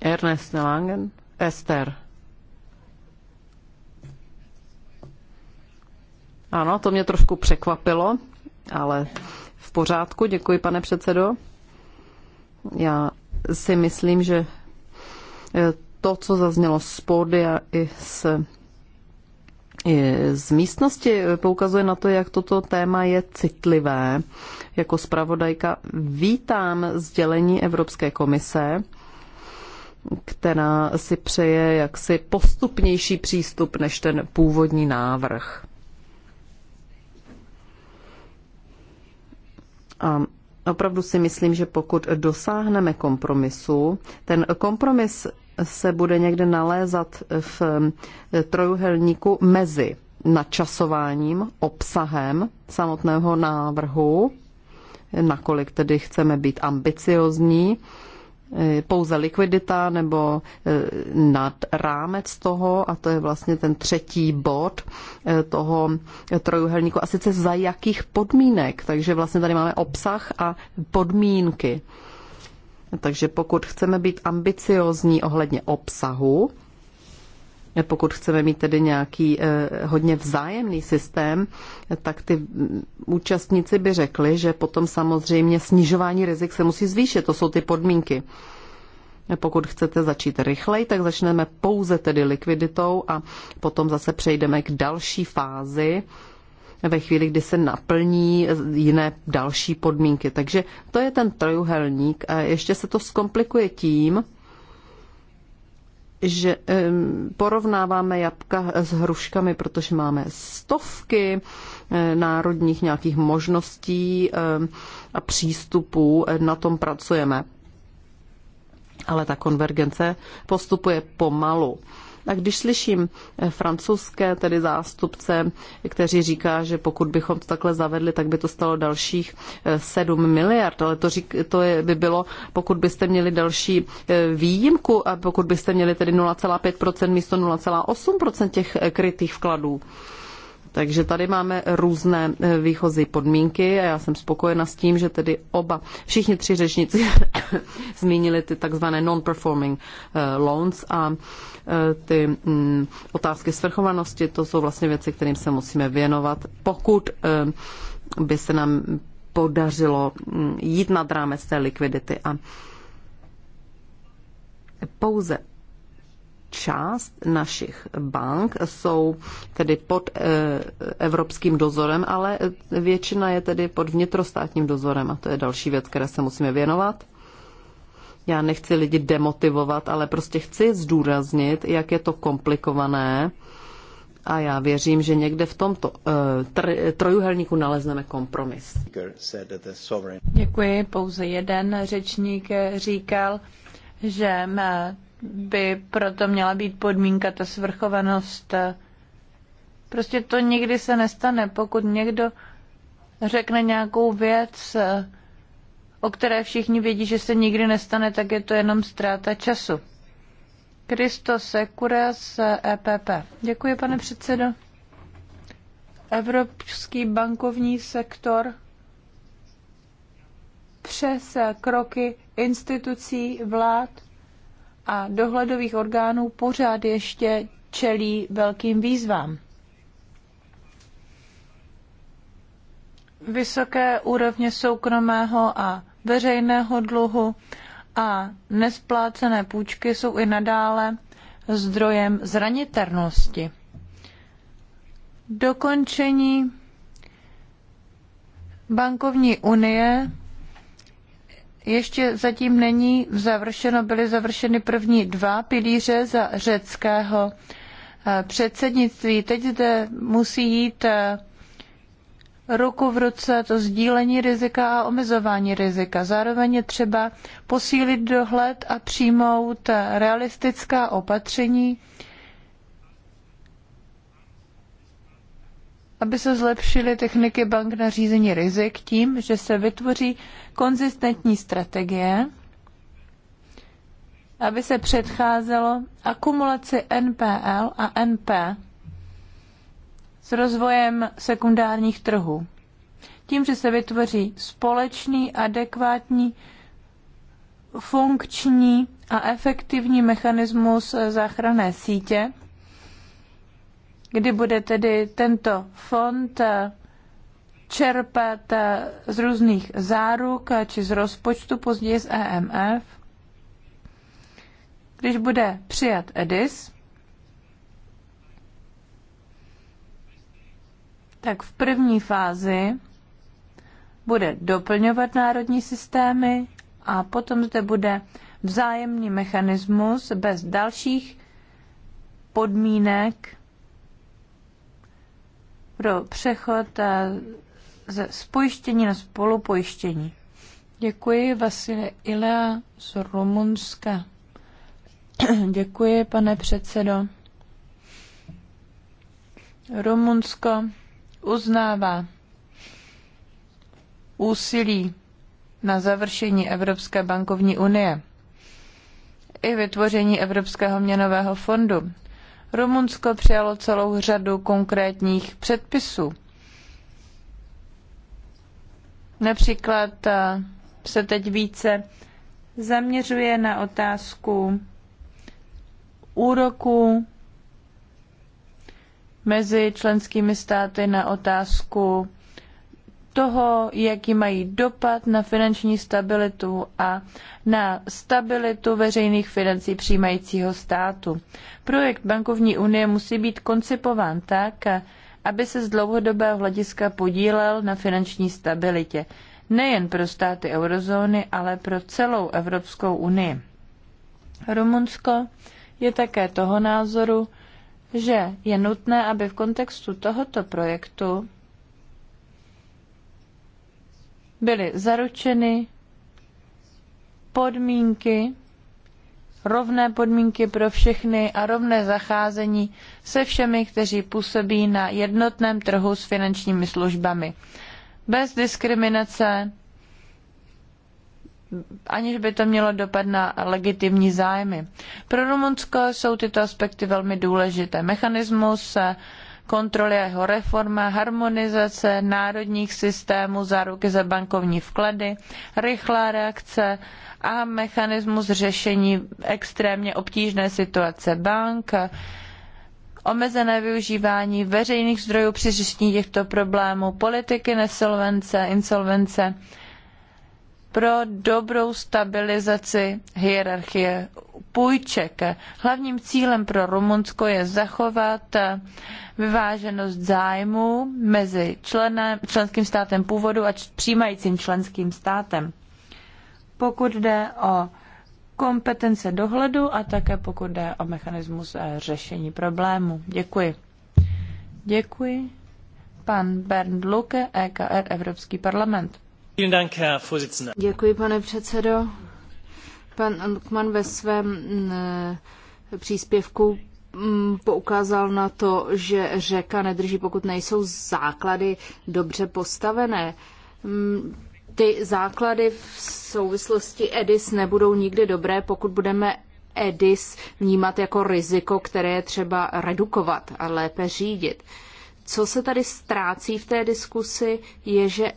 [SPEAKER 3] Ernest Langen, Ester. Ano, to mě trošku překvapilo, ale v pořádku, děkuji pane předsedo. Já si myslím, že eh, to, co zaznělo z pódia i z, i z místnosti, eh, poukazuje na to, jak toto téma je citlivé. Jako zpravodajka vítám sdělení Evropské komise, která si přeje jaksi postupnější přístup než ten původní návrh. A opravdu si myslím, že pokud dosáhneme kompromisu, ten kompromis se bude někde nalézat v eh, trojuhelníku mezi načasováním, obsahem samotného návrhu, nakolik tedy chceme být ambiciozní, E, pouze likvidita nebo e, nad rámec toho, a to je vlastně ten třetí bod e, toho trojuhelníku, a sice za jakých podmínek. Takže vlastně tady máme obsah a podmínky. Takže pokud chceme být ambiciozní ohledně obsahu, pokud chceme mít tedy nějaký eh, hodně vzájemný systém, tak ty účastníci by řekli, že potom samozřejmě snižování rizik se musí zvýšit. To jsou ty podmínky. Pokud chcete začít rychleji, tak začneme pouze tedy likviditou a potom zase přejdeme k další fázi ve chvíli, kdy se naplní jiné další podmínky. Takže to je ten trojuhelník a ještě se to zkomplikuje tím, že porovnáváme jabka s hruškami, protože máme stovky eh, národních nějakých možností a přístupů, eh, na tom pracujeme. Ale ta konvergence postupuje pomalu. A když slyším eh, francouzské tedy zástupce, kteří říká, že pokud bychom to takhle zavedli, tak by to stalo dalších 7 eh, miliard, ale to, řík, to je, by bylo, pokud byste měli další eh, výjimku a pokud byste měli tedy 0,5% místo 0,8% těch krytých vkladů. Takže tady máme různé eh, výchozí podmínky a já jsem spokojena s tím, že tedy oba, všichni tři řečníci zmínili ty takzvané non-performing eh, loans a eh, ty mm, otázky svrchovanosti, to jsou vlastně věci, kterým se musíme věnovat, pokud by se nám podařilo mm, jít nad rámec té likvidity a pouze část našich bank jsou tedy pod eh, evropským dozorem, ale většina je tedy pod vnitrostátním dozorem a to je další věc, které se musíme věnovat. Já nechci lidi demotivovat, ale prostě chci zdůraznit, jak je to komplikované a já věřím, že někde v tomto eh, tr- trojuhelníku nalezneme kompromis.
[SPEAKER 2] Děkuji, pouze jeden řečník říkal, že má by proto měla být podmínka, ta svrchovanost. Prostě to nikdy se nestane, pokud někdo řekne nějakou věc, o které všichni vědí, že se nikdy nestane, tak je to jenom ztráta času. Kristo Sekuras, EPP. Děkuji, pane předsedo. Evropský bankovní sektor přes kroky institucí vlád a dohledových orgánů pořád ještě čelí velkým výzvám. Vysoké úrovně soukromého a veřejného dluhu a nesplácené půjčky jsou i nadále zdrojem zranitelnosti. Dokončení bankovní unie ještě zatím není završeno, byly završeny první dva pilíře za řeckého eh, předsednictví. Teď zde musí jít eh, ruku v ruce to sdílení rizika a omezování rizika. Zároveň je třeba posílit dohled a přijmout eh, realistická opatření, aby se zlepšily techniky bank na řízení rizik tím, že se vytvoří konzistentní strategie, aby se předcházelo akumulaci NPL a NP s rozvojem sekundárních trhů. Tím, že se vytvoří společný, adekvátní, funkční a efektivní mechanismus záchranné sítě, kdy bude tedy tento fond eh, čerpat eh, z různých záruk eh, či z rozpočtu, později z EMF. Když bude přijat EDIS, tak v první fázi bude doplňovat národní systémy a potom zde bude vzájemný mechanismus bez dalších podmínek pro přechod eh, ze spojištění na spolupojištění. Děkuji, Vasile Ilea z Rumunska. Děkuji, pane předsedo. Rumunsko uznává úsilí na završení Evropské bankovní unie i vytvoření Evropského měnového fondu. Rumunsko přijalo celou řadu konkrétních předpisů. Například eh, se teď více zaměřuje na otázku úroku mezi členskými státy na otázku toho, jaký mají dopad na finanční stabilitu a na stabilitu veřejných financí přijímajícího státu. Projekt bankovní unie musí být koncipován tak, aby se z dlouhodobého hlediska podílel na finanční stabilitě, nejen pro státy eurozóny, ale pro celou Evropskou unii. Rumunsko je také toho názoru, že je nutné, aby v kontextu tohoto projektu byly zaručeny podmínky, rovné podmínky pro všechny a rovné zacházení se všemi, kteří působí na jednotném trhu s finančními službami. Bez diskriminace, aniž by to mělo dopad na legitimní zájmy. Pro Rumunsko jsou tyto aspekty velmi důležité. Mechanismus kontroly a jeho reforma, harmonizace národních systémů záruky za bankovní vklady, rychlá reakce a mechanismus řešení extrémně obtížné situace bank, omezené využívání veřejných zdrojů při řešení těchto problémů, politiky nesolvence, insolvence pro dobrou stabilizaci hierarchie půjček. Hlavním cílem pro Rumunsko je zachovat vyváženost zájmu mezi členem, členským státem původu a přijímajícím členským státem. Pokud jde o kompetence dohledu a také pokud jde o mechanismus eh, řešení problému. Děkuji. Děkuji. Pan Bernd Luke, EKR, Evropský parlament. Děkuji, pane předsedo.
[SPEAKER 4] Pan Lukman ve svém mm, eh, příspěvku mm, poukázal na to, že řeka nedrží, pokud nejsou základy dobře postavené. Mm, ty základy v souvislosti EDIS nebudou nikdy dobré, pokud budeme EDIS vnímat jako riziko, které je třeba redukovat a lépe řídit. Co se tady ztrácí v té diskusi, je, že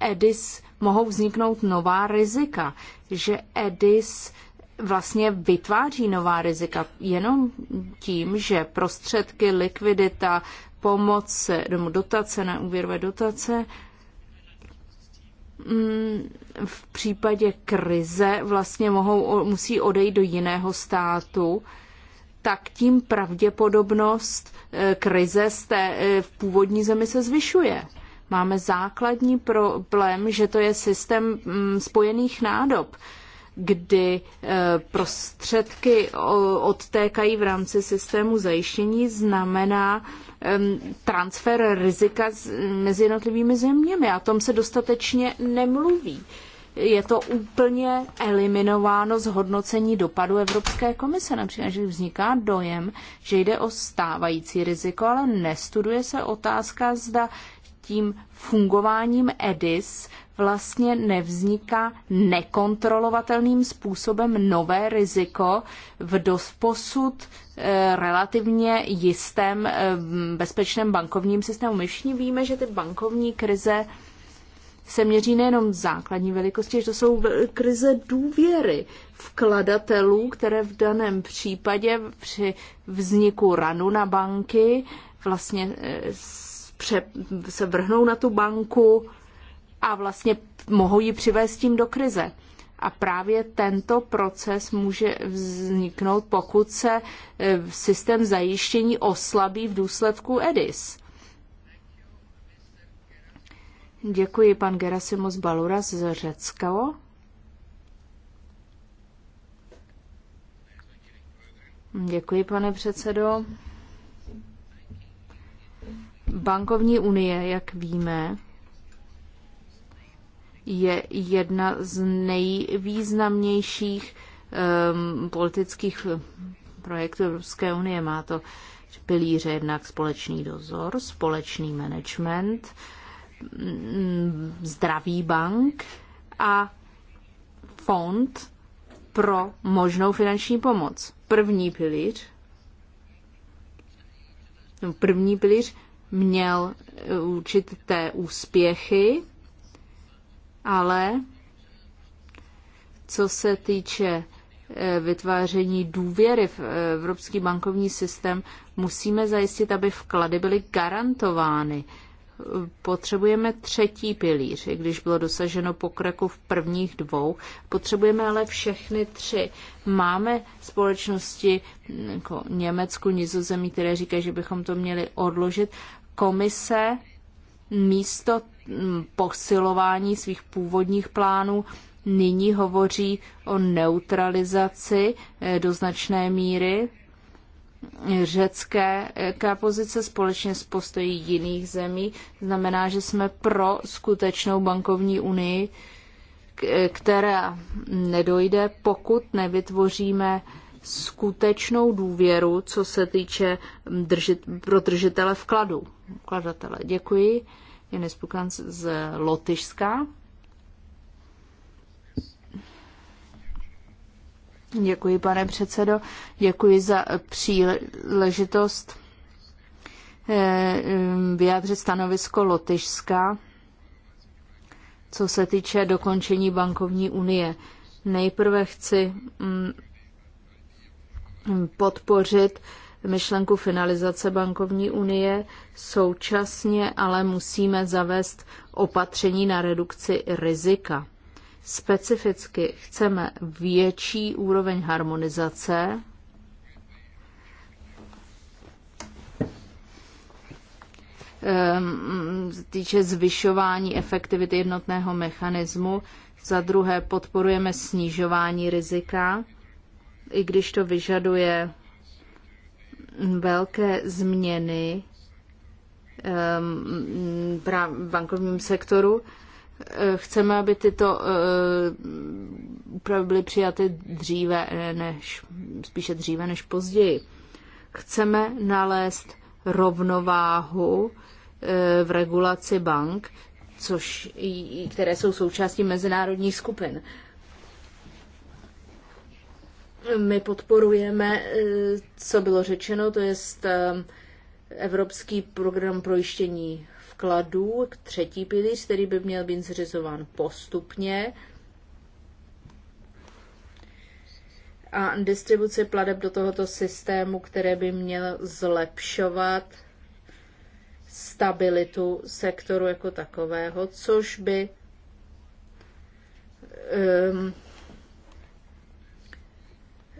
[SPEAKER 4] EDIS mohou vzniknout nová rizika, že EDIS vlastně vytváří nová rizika jenom tím, že prostředky, likvidita, pomoc, dotace na úvěrové dotace, mm, v případě krize vlastně mohou, musí odejít do jiného státu, tak tím pravděpodobnost e, krize z té, e, v původní zemi se zvyšuje. Máme základní problém, že to je systém mm, spojených nádob, kdy e, prostředky odtékají v rámci systému zajištění, znamená transfer rizika mezi jednotlivými zeměmi a tom se dostatečně nemluví je to úplně eliminováno z hodnocení dopadu Evropské komise. Například, že vzniká dojem, že jde o stávající riziko, ale nestuduje se otázka, zda tím fungováním EDIS vlastně nevzniká nekontrolovatelným způsobem nové riziko v dosposud eh, relativně jistém eh, bezpečném bankovním systému. My všichni víme, že ty bankovní krize se měří nejenom v základní velikosti, že to jsou krize důvěry vkladatelů, které v daném případě při vzniku ranu na banky vlastně eh, pře- se vrhnou na tu banku a vlastně mohou ji přivést tím do krize. A právě tento proces může vzniknout, pokud se e, systém zajištění oslabí v důsledku EDIS. Děkuji pan Gerasimos Baluras z Řecka. Děkuji, pane předsedo. Bankovní unie, jak víme, je jedna z nejvýznamnějších um, politických projektů Evropské unie. Má to pilíře jednak společný dozor, společný management, mm, zdravý bank a fond pro možnou finanční pomoc. První pilíř, první pilíř měl určité úspěchy, ale co se týče eh, vytváření důvěry v eh, evropský bankovní systém, musíme zajistit, aby vklady byly garantovány. Potřebujeme třetí pilíř, i když bylo dosaženo pokroku v prvních dvou. Potřebujeme ale všechny tři. Máme společnosti jako Německu, Nizozemí, které říkají, že bychom to měli odložit, komise místo mm, posilování svých původních plánů nyní hovoří o neutralizaci eh, do značné míry řecké eh, pozice společně s postojí jiných zemí. Znamená, že jsme pro skutečnou bankovní unii, eh, která nedojde, pokud nevytvoříme skutečnou důvěru, co se týče držit, pro držitele vkladu kladatele. Děkuji. Janis Pukan z Lotyšska. Děkuji, pane předsedo. Děkuji za příležitost eh, vyjádřit stanovisko Lotyšska, co se týče dokončení bankovní unie. Nejprve chci mm, podpořit myšlenku finalizace bankovní unie, současně ale musíme zavést opatření na redukci rizika. Specificky chceme větší úroveň harmonizace, ehm, týče zvyšování efektivity jednotného mechanismu, za druhé podporujeme snižování rizika, i když to vyžaduje velké změny ehm, v bankovním sektoru. Eh, chceme, aby tyto eh, úpravy byly přijaty dříve eh, než, spíše dříve než později. Chceme nalézt rovnováhu v regulaci bank, což, které jsou součástí mezinárodních skupin. My podporujeme, e, co bylo řečeno, to je e, Evropský program projištění vkladů, třetí pilíř, který by měl být zřizován postupně. A distribuce pladeb do tohoto systému, které by měl zlepšovat stabilitu sektoru jako takového, což by um,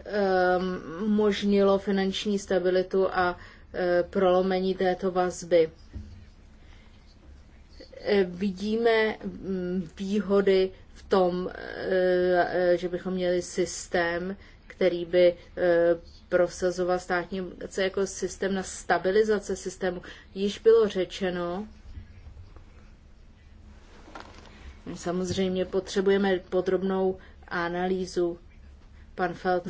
[SPEAKER 4] Ehm, umožnilo finanční stabilitu a eh, prolomení této vazby. Eh, vidíme mm, výhody v tom, eh, že bychom měli systém, který by prosazoval státní obligace jako systém na stabilizace systému. Již bylo řečeno, samozřejmě potřebujeme podrobnou analýzu pan Feld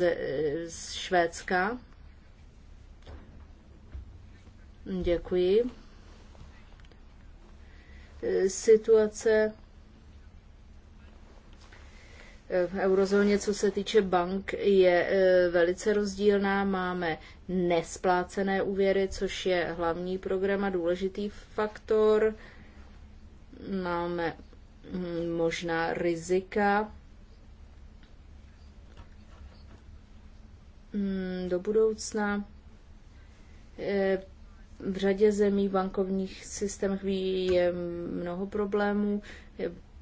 [SPEAKER 4] z Švédska. Děkuji. Situace v eurozóně, co se týče bank, je e, velice rozdílná. Máme nesplácené úvěry, což je hlavní program a důležitý faktor. Máme hm, možná rizika Mm, do budoucna e, v řadě zemí v bankovních systémech je mnoho problémů.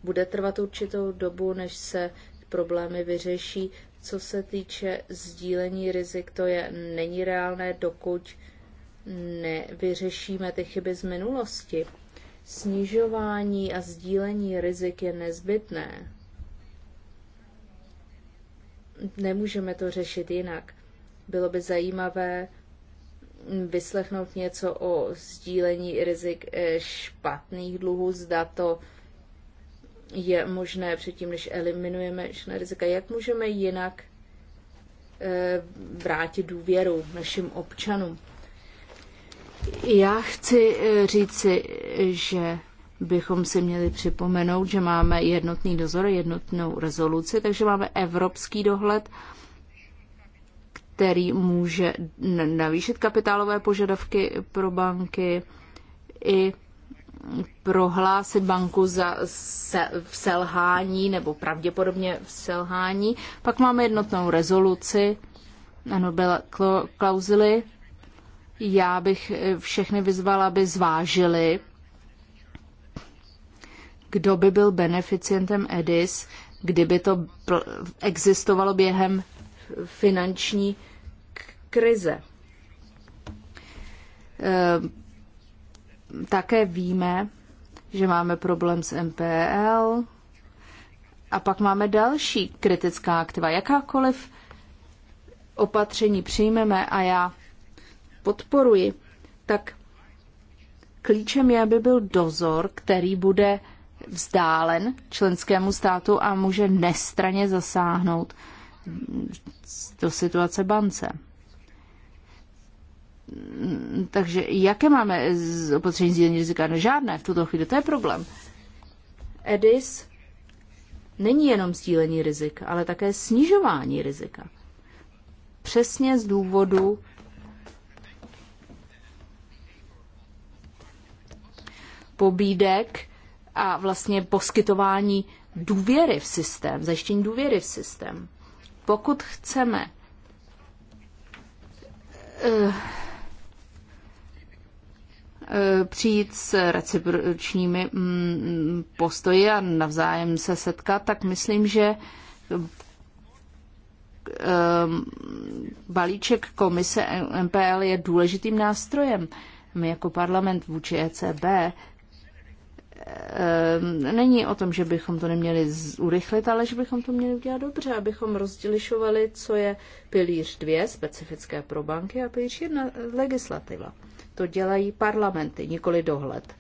[SPEAKER 4] Bude trvat určitou dobu, než se problémy vyřeší. Co se týče sdílení rizik, to je není reálné, dokud nevyřešíme ty chyby z minulosti. Snižování a sdílení rizik je nezbytné. Nemůžeme to řešit jinak. Bylo by zajímavé vyslechnout něco o sdílení rizik eh, špatných dluhů, zda to je možné předtím, než eliminujeme všechna rizika. Jak můžeme jinak eh, vrátit důvěru našim občanům? Já chci eh, říci, že bychom si měli připomenout, že máme jednotný dozor, jednotnou rezoluci, takže máme evropský dohled který může navýšit kapitálové požadavky pro banky i prohlásit banku za se, v selhání nebo pravděpodobně v selhání. Pak máme jednotnou rezoluci, ano, byla klauzily. Já bych eh, všechny vyzvala, aby zvážili, kdo by byl beneficientem EDIS, kdyby to existovalo během finanční krize. Ehm, také víme, že máme problém s MPL a pak máme další kritická aktiva. Jakákoliv opatření přijmeme a já podporuji, tak klíčem je, aby byl dozor, který bude vzdálen členskému státu a může nestraně zasáhnout do situace bance. Takže jaké máme z opatření sdílení rizika? No žádné v tuto chvíli, to je problém. EDIS není jenom sdílení rizik, ale také snižování rizika. Přesně z důvodu pobídek a vlastně poskytování důvěry v systém, zajištění důvěry v systém. Pokud chceme eh, eh, přijít s recipročními mm, postoji a navzájem se setkat, tak myslím, že ehm, balíček komise MPL je důležitým nástrojem. My jako parlament vůči ECB Ehm, není o tom, že bychom to neměli urychlit, ale že bychom to měli udělat dobře, abychom rozdělišovali, co je pilíř 2, specifické pro banky, a pilíř 1, legislativa. To dělají parlamenty, nikoli dohled.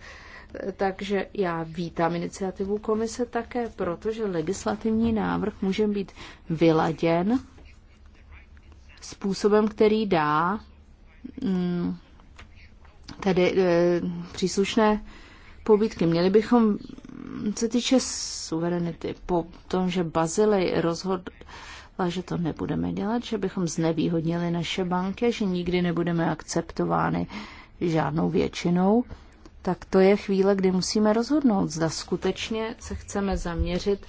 [SPEAKER 4] E, takže já vítám iniciativu komise také, protože legislativní návrh může být vyladěn způsobem, který dá mm, tedy e, příslušné pobídky. Měli bychom, co týče suverenity, po tom, že Bazilej rozhodl, že to nebudeme dělat, že bychom znevýhodnili naše banky, že nikdy nebudeme akceptovány žádnou většinou, tak to je chvíle, kdy musíme rozhodnout, zda skutečně se chceme zaměřit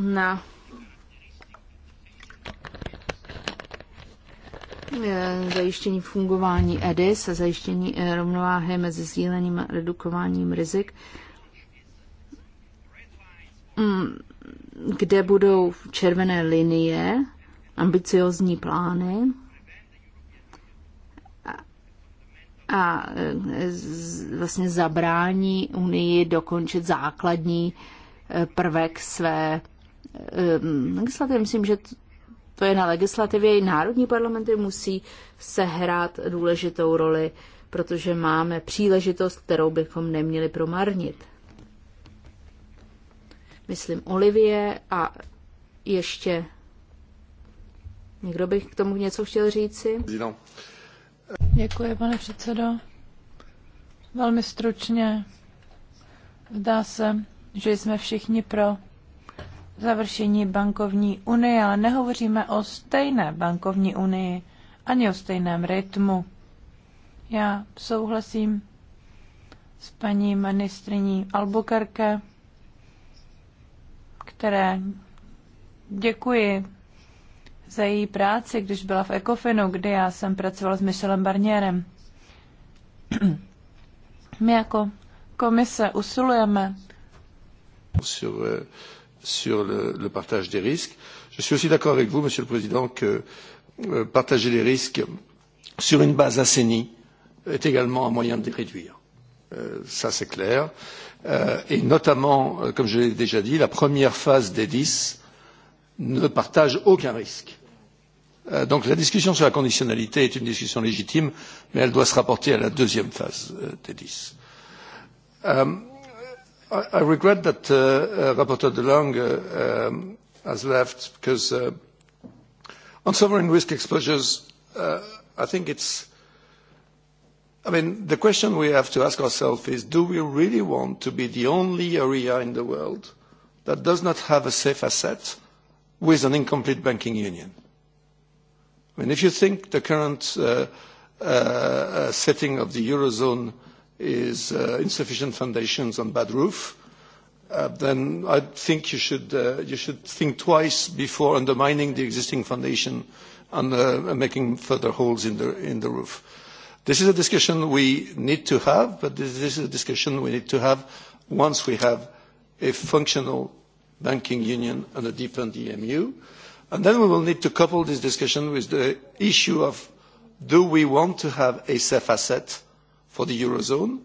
[SPEAKER 4] na Eh, zajištění fungování EDIS a zajištění eh, rovnováhy mezi sdílením a redukováním rizik, mm, kde budou červené linie, ambiciozní plány a eh, vlastně zabrání Unii dokončit základní prvek své legislativy. Myslím, že to je na legislativě, i národní parlamenty musí sehrát důležitou roli, protože máme příležitost, kterou bychom neměli promarnit. Myslím Olivie a ještě
[SPEAKER 2] někdo bych k tomu něco chtěl říci? Děkuji, pane předsedo. Velmi stručně. Zdá se, že jsme všichni pro završení bankovní unie, ale nehovoříme o stejné bankovní unii ani o stejném rytmu. Já souhlasím s paní ministriní Albuquerque, které děkuji za její práci, když byla v Ecofinu, kde já jsem pracoval s Michelem Barnierem. My jako komise usilujeme
[SPEAKER 1] eh, sur le, le partage des risques. Je suis aussi d'accord avec vous, Monsieur le Président, que euh, partager les risques sur une base assainie est également un moyen de les réduire. Euh, ça, c'est clair. Euh, et notamment, euh, comme je l'ai déjà dit, la première phase des 10 ne partage aucun risque. Euh, donc la discussion sur la conditionnalité est une discussion légitime, mais elle doit se rapporter à la deuxième phase euh, des 10. Euh, i, regret that uh, uh, Rapporteur de Lange um, has left because uh, on sovereign risk exposures, uh, I think it's I mean, the question we have to ask ourselves is, do we really want to be the only area in the world that does not have a safe asset with an incomplete banking union? I mean, if you think the current uh, uh, uh setting of the Eurozone is uh, insufficient foundations and bad roof, uh, then I think you should, uh, you should think twice before undermining the existing foundation and uh, making further holes in the, in the roof. This is a discussion we need to have, but this is a discussion we need to have once we have a functional banking union and a deepened EMU. And then we will need to couple this discussion with the issue of do we want to have a safe asset for the Eurozone?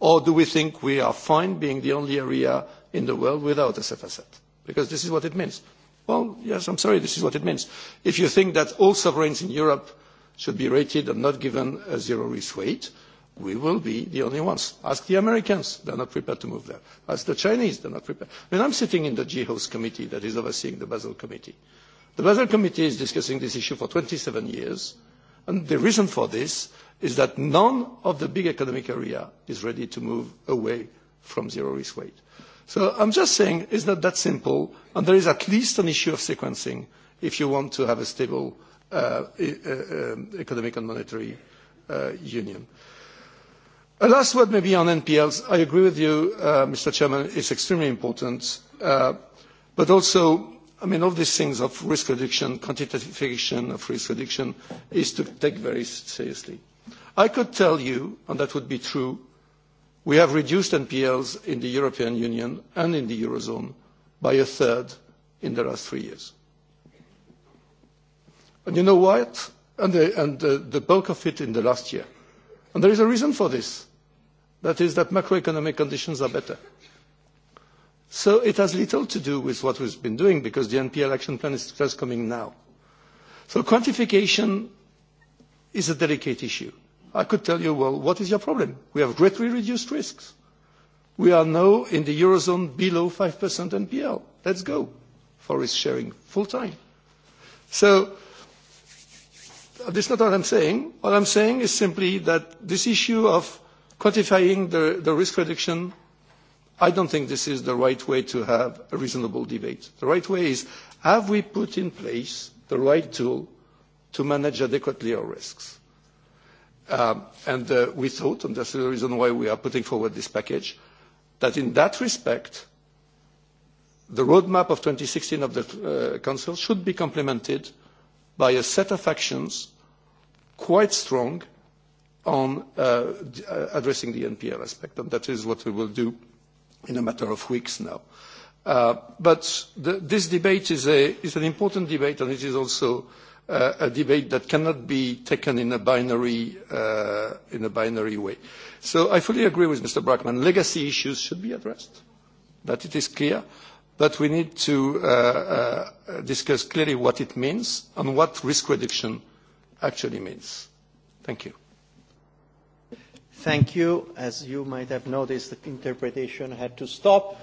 [SPEAKER 1] Or do we think we are fine being the only area in the world without a safe asset? Because this is what it means. Well, yes, I'm sorry, this is what it means. If you think that all sovereigns in Europe should be rated and not given a zero risk weight, we will be the only ones. Ask the Americans, they're not prepared to move there. Ask the Chinese, they're not prepared. I mean, I'm sitting in the GHOS committee that is overseeing the Basel Committee. The Basel Committee is discussing this issue for 27 years, and the reason for this is that none of the big economic area is ready to move away from zero risk weight. So I'm just saying it's not that simple, and there is at least an issue of sequencing if you want to have a stable uh, uh, e, economic um, and monetary uh, union. A last word maybe on NPLs. I agree with you, uh, Mr. Chairman, it's extremely important. Uh, but also, I mean, all these things of risk reduction, quantification of risk reduction is to take very seriously. I could tell you, and that would be true, we have reduced NPLs in the European Union and in the Eurozone by a third in the last three years. And you know what? And the, bulk of it in the last year. there is a reason for this. That is that macroeconomic conditions are better. So it has little to do with what we've been doing because the NPL action plan is just coming now. So quantification is a delicate issue. I could tell you, well, what is your problem? We have greatly reduced risks. We are now in the Eurozone below 5% NPL. Let's go for risk sharing full time. So this is not what I'm saying. What I'm saying is simply that this issue of quantifying the, the risk reduction, I don't think this is the right way to have a reasonable debate. The right way is, have we put in place the right tool to manage adequately our risks? Uh, and uh, we thought, and that's the reason why we are putting forward this package, that in that respect, the roadmap of 2016 of the uh, Council should be complemented by a set of actions quite strong on addressing the NPL aspect, and that is what we will do in a matter of weeks now. But this debate is an important debate, and it is also Uh, a debate that cannot be taken in a binary uh, in a binary way. So I fully agree with Mr. Brackman. Legacy issues should be addressed. That it is clear, but we need to uh, uh, discuss clearly what it means and what risk reduction actually means. Thank you. Thank you. As you might have noticed, the interpretation had to stop